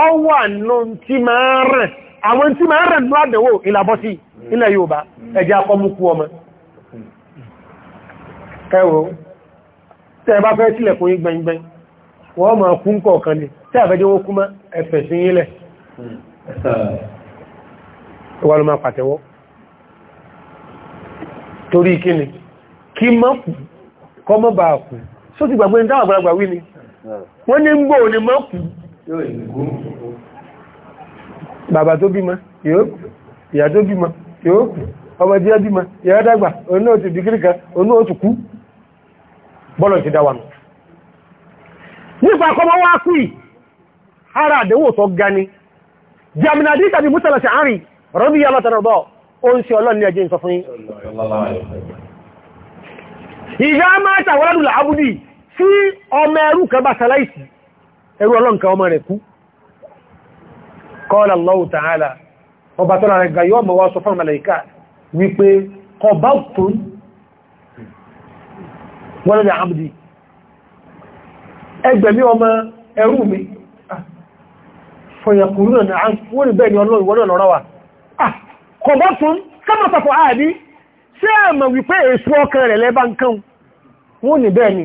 ọwọ́ ànú tí máa rẹ̀ àwọn tí máa rẹ̀ ní àdẹ̀wò ìlàbọ́sí ilẹ̀ Yorùbá ẹjẹ́ akọmukú ọmọ ẹwọ́ tẹ́ bá fẹ́ sílẹ̀ fún igbẹ̀ngbẹ̀n wọ́n máa kún kọ̀ọ̀kan ni tẹ́ àfẹ́jẹ́ wó kúmọ́ ẹ̀fẹ̀ sí ilẹ̀ wọ́n gbàgbé ní táwọn àgbàlagbà wí ni wọ́n ní gbò ní mọ́ kú bàbá tó bímọ yóò kú ìyá tó bímọ yóò kú ọmọ díẹ̀ bímọ ìyá dàgbà onú òtù dìkíríkà onú òtù kú bọ́lọ̀ ti dá nípa kọmọ wá kú ì ara àdẹ́wò tó ga ni jàmìnàdí tàbí mútàlá àárín rọ́bí yà tí ọmọ ẹrú kan bá sàláìsì ẹrú ọlọ́nkan ọmọ rẹ̀ kú kọ́ọ̀lá Allahu ta'ala ọba tọ́lá rẹ̀ gayọ́ ọmọ wá sọ fún màláíkà wípé kọba tún wọ́n lè àmdì ẹgbẹ̀mí ọmọ ẹrú mi ah, fọ̀yàkùnrin wọ́n ni kọba bẹ́ẹ̀ ni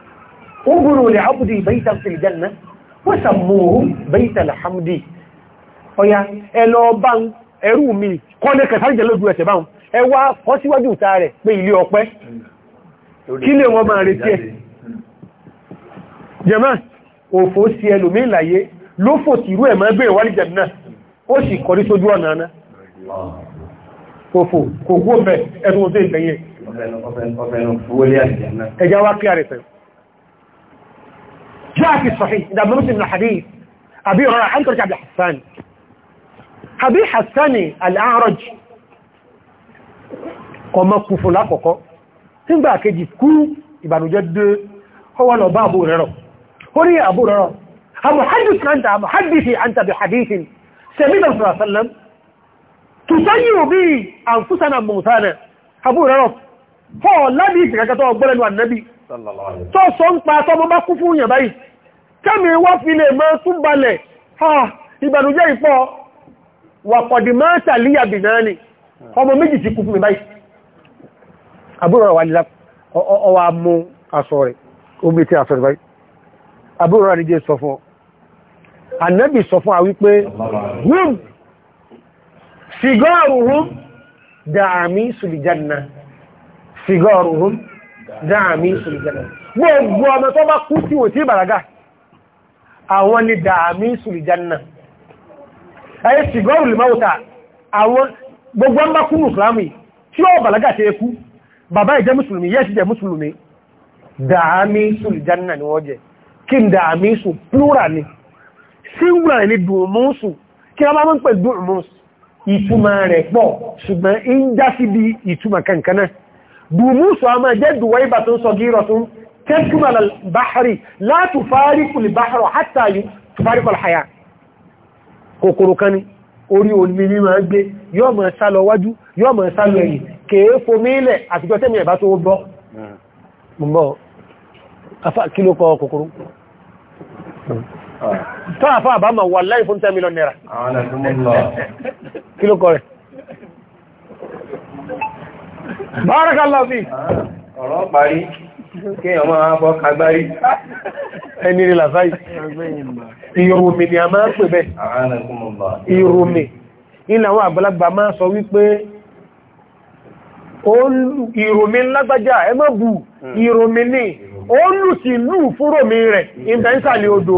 انظروا لعبدي بيتا في الجنة وسموه بيت الحمد ọya ẹlọ bá ń ẹrù mi kọ́lé kẹsàríjẹ lójú ẹsẹ̀ báhùn ẹwà kọ́ síwájú ìta rẹ̀ pé ilé ọpẹ́ kí lè wọ́n máa retí ẹ̀ jẹ́mà òfò sí ẹlòmí ìlàyé ló fò tí irú ẹ̀mọ́ ẹgbẹ̀rẹ̀ wálé jẹ̀ náà ó sì kọrí sójú ọ̀nà náà òfò kò gbó bẹ̀ ẹ̀rùn ọdún ìgbẹ̀yẹ ẹjá wá kí àrẹ̀fẹ̀ جاء في الصحيح ده مسلم من الحديث أبي هريرة عن طريق عبد الحسان أبي حسان الأعرج kọmọ kúfò lákọ̀ọ́kọ́ tí ń bá kejì kú ìbànújẹ́ dé ọwọ́ lọ bá àbúrò rẹ̀rọ̀ ó ní àbúrò rẹ̀rọ̀ àmọ̀hádìsì àǹtà àmọ̀hádìsì àǹtà bí hadìsì sẹ́mìnà sọ̀rọ̀sọ́lẹ́m tùsáyìrò bí àǹfúsànà mọ̀sánà àbúrò rẹ̀rọ̀ tó sọ ń pa tọ́mọ bá kú fún ìyàn báyìí kẹ́mì wọ́n fi lè mọ́ tún balẹ̀ ìbànújẹ́ ìpọ́ wà pọ̀dì máa tàlíyà bì náà ni ọmọ méjì ti kú fún mi báyìí àbúrò rẹ̀ wà nílá ọwà mú aṣọ rẹ̀ omi dáàmì ìsùlìjẹ̀nà gbogbo ọmọ tó bá kú tí ò tí bàrágà àwọn ni dáàmì ìsùlìjẹ̀nà ẹ̀yẹ ṣìgọ́rù lè máwòta àwọn gbogbo ọmọ kú mùsùlámì tí ó bàrágà ṣe kú bàbá ìjẹ́ mùsùlùmí yẹ́ sí jẹ́ mùsùlùmí dáàmì ìsùlìjẹ̀nà ni wọ́n jẹ́ kí n dáàmì ìsù ni singular ni dùnmùsù kí wọ́n bá mọ́ ń pè dùnmùsù ìtumọ̀ dùmúsù a máa jẹ́ dùwẹ́ ìbà tó ń sọ gírọ̀ tún tẹ́kùnmàlà báhárì látù fáríkù lè báhárọ̀ hátàyù fáríkù alhaya kòkòrò kan ní orí omi ní máa gbé yóò máa sálọ wájú yóò máa sálọ ẹ̀yìn kèé fomílẹ̀ àtijọ́ tẹ́mì ẹ̀bá tó bọ́ mọ́ kílò kọ kòkòrò tó àfá àbámà wà láì fún 10 mílíọ̀n náírà kílò rẹ̀ bárakàlọ́fì ọ̀rọ̀ parí kí ọmọ àbọ̀ kagbárí ẹni rí làfáì ìrùmì ni a máa ń pè bẹ́ ìrùmì ilẹ̀ àwọn àgbàlagbà máa sọ wípé ìrùmì lágbàjá ẹ má bù ìrùmì hmm. ní ó lù sí lù fúròmì rẹ̀ hmm. ìbẹ̀ ń sàlẹ̀ odò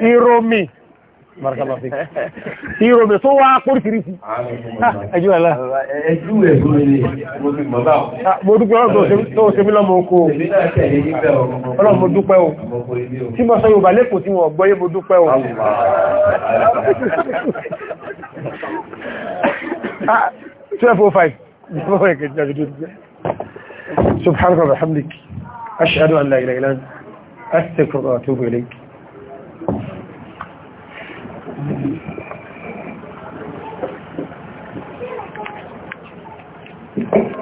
ìròmì ìròmì tó wá póríṣìíríṣìí ẹjú ẹ̀lá ẹjú ẹ̀gbọ́n ilé mo ti mọ̀ báwọn mo dúpẹ́ ọ̀dọ̀ tó ṣe mí lọ́mọ oko ọlọ́run mo dúpẹ́ o tí mo sọ Yorùbá lẹ́kùn tí wọ́n gbọ́yé mo dúpẹ́ o ah, twelve oh five سبحانك وبحمدك أشهد أن لا إله إلا أنت أستغفرك وأتوب Thank you.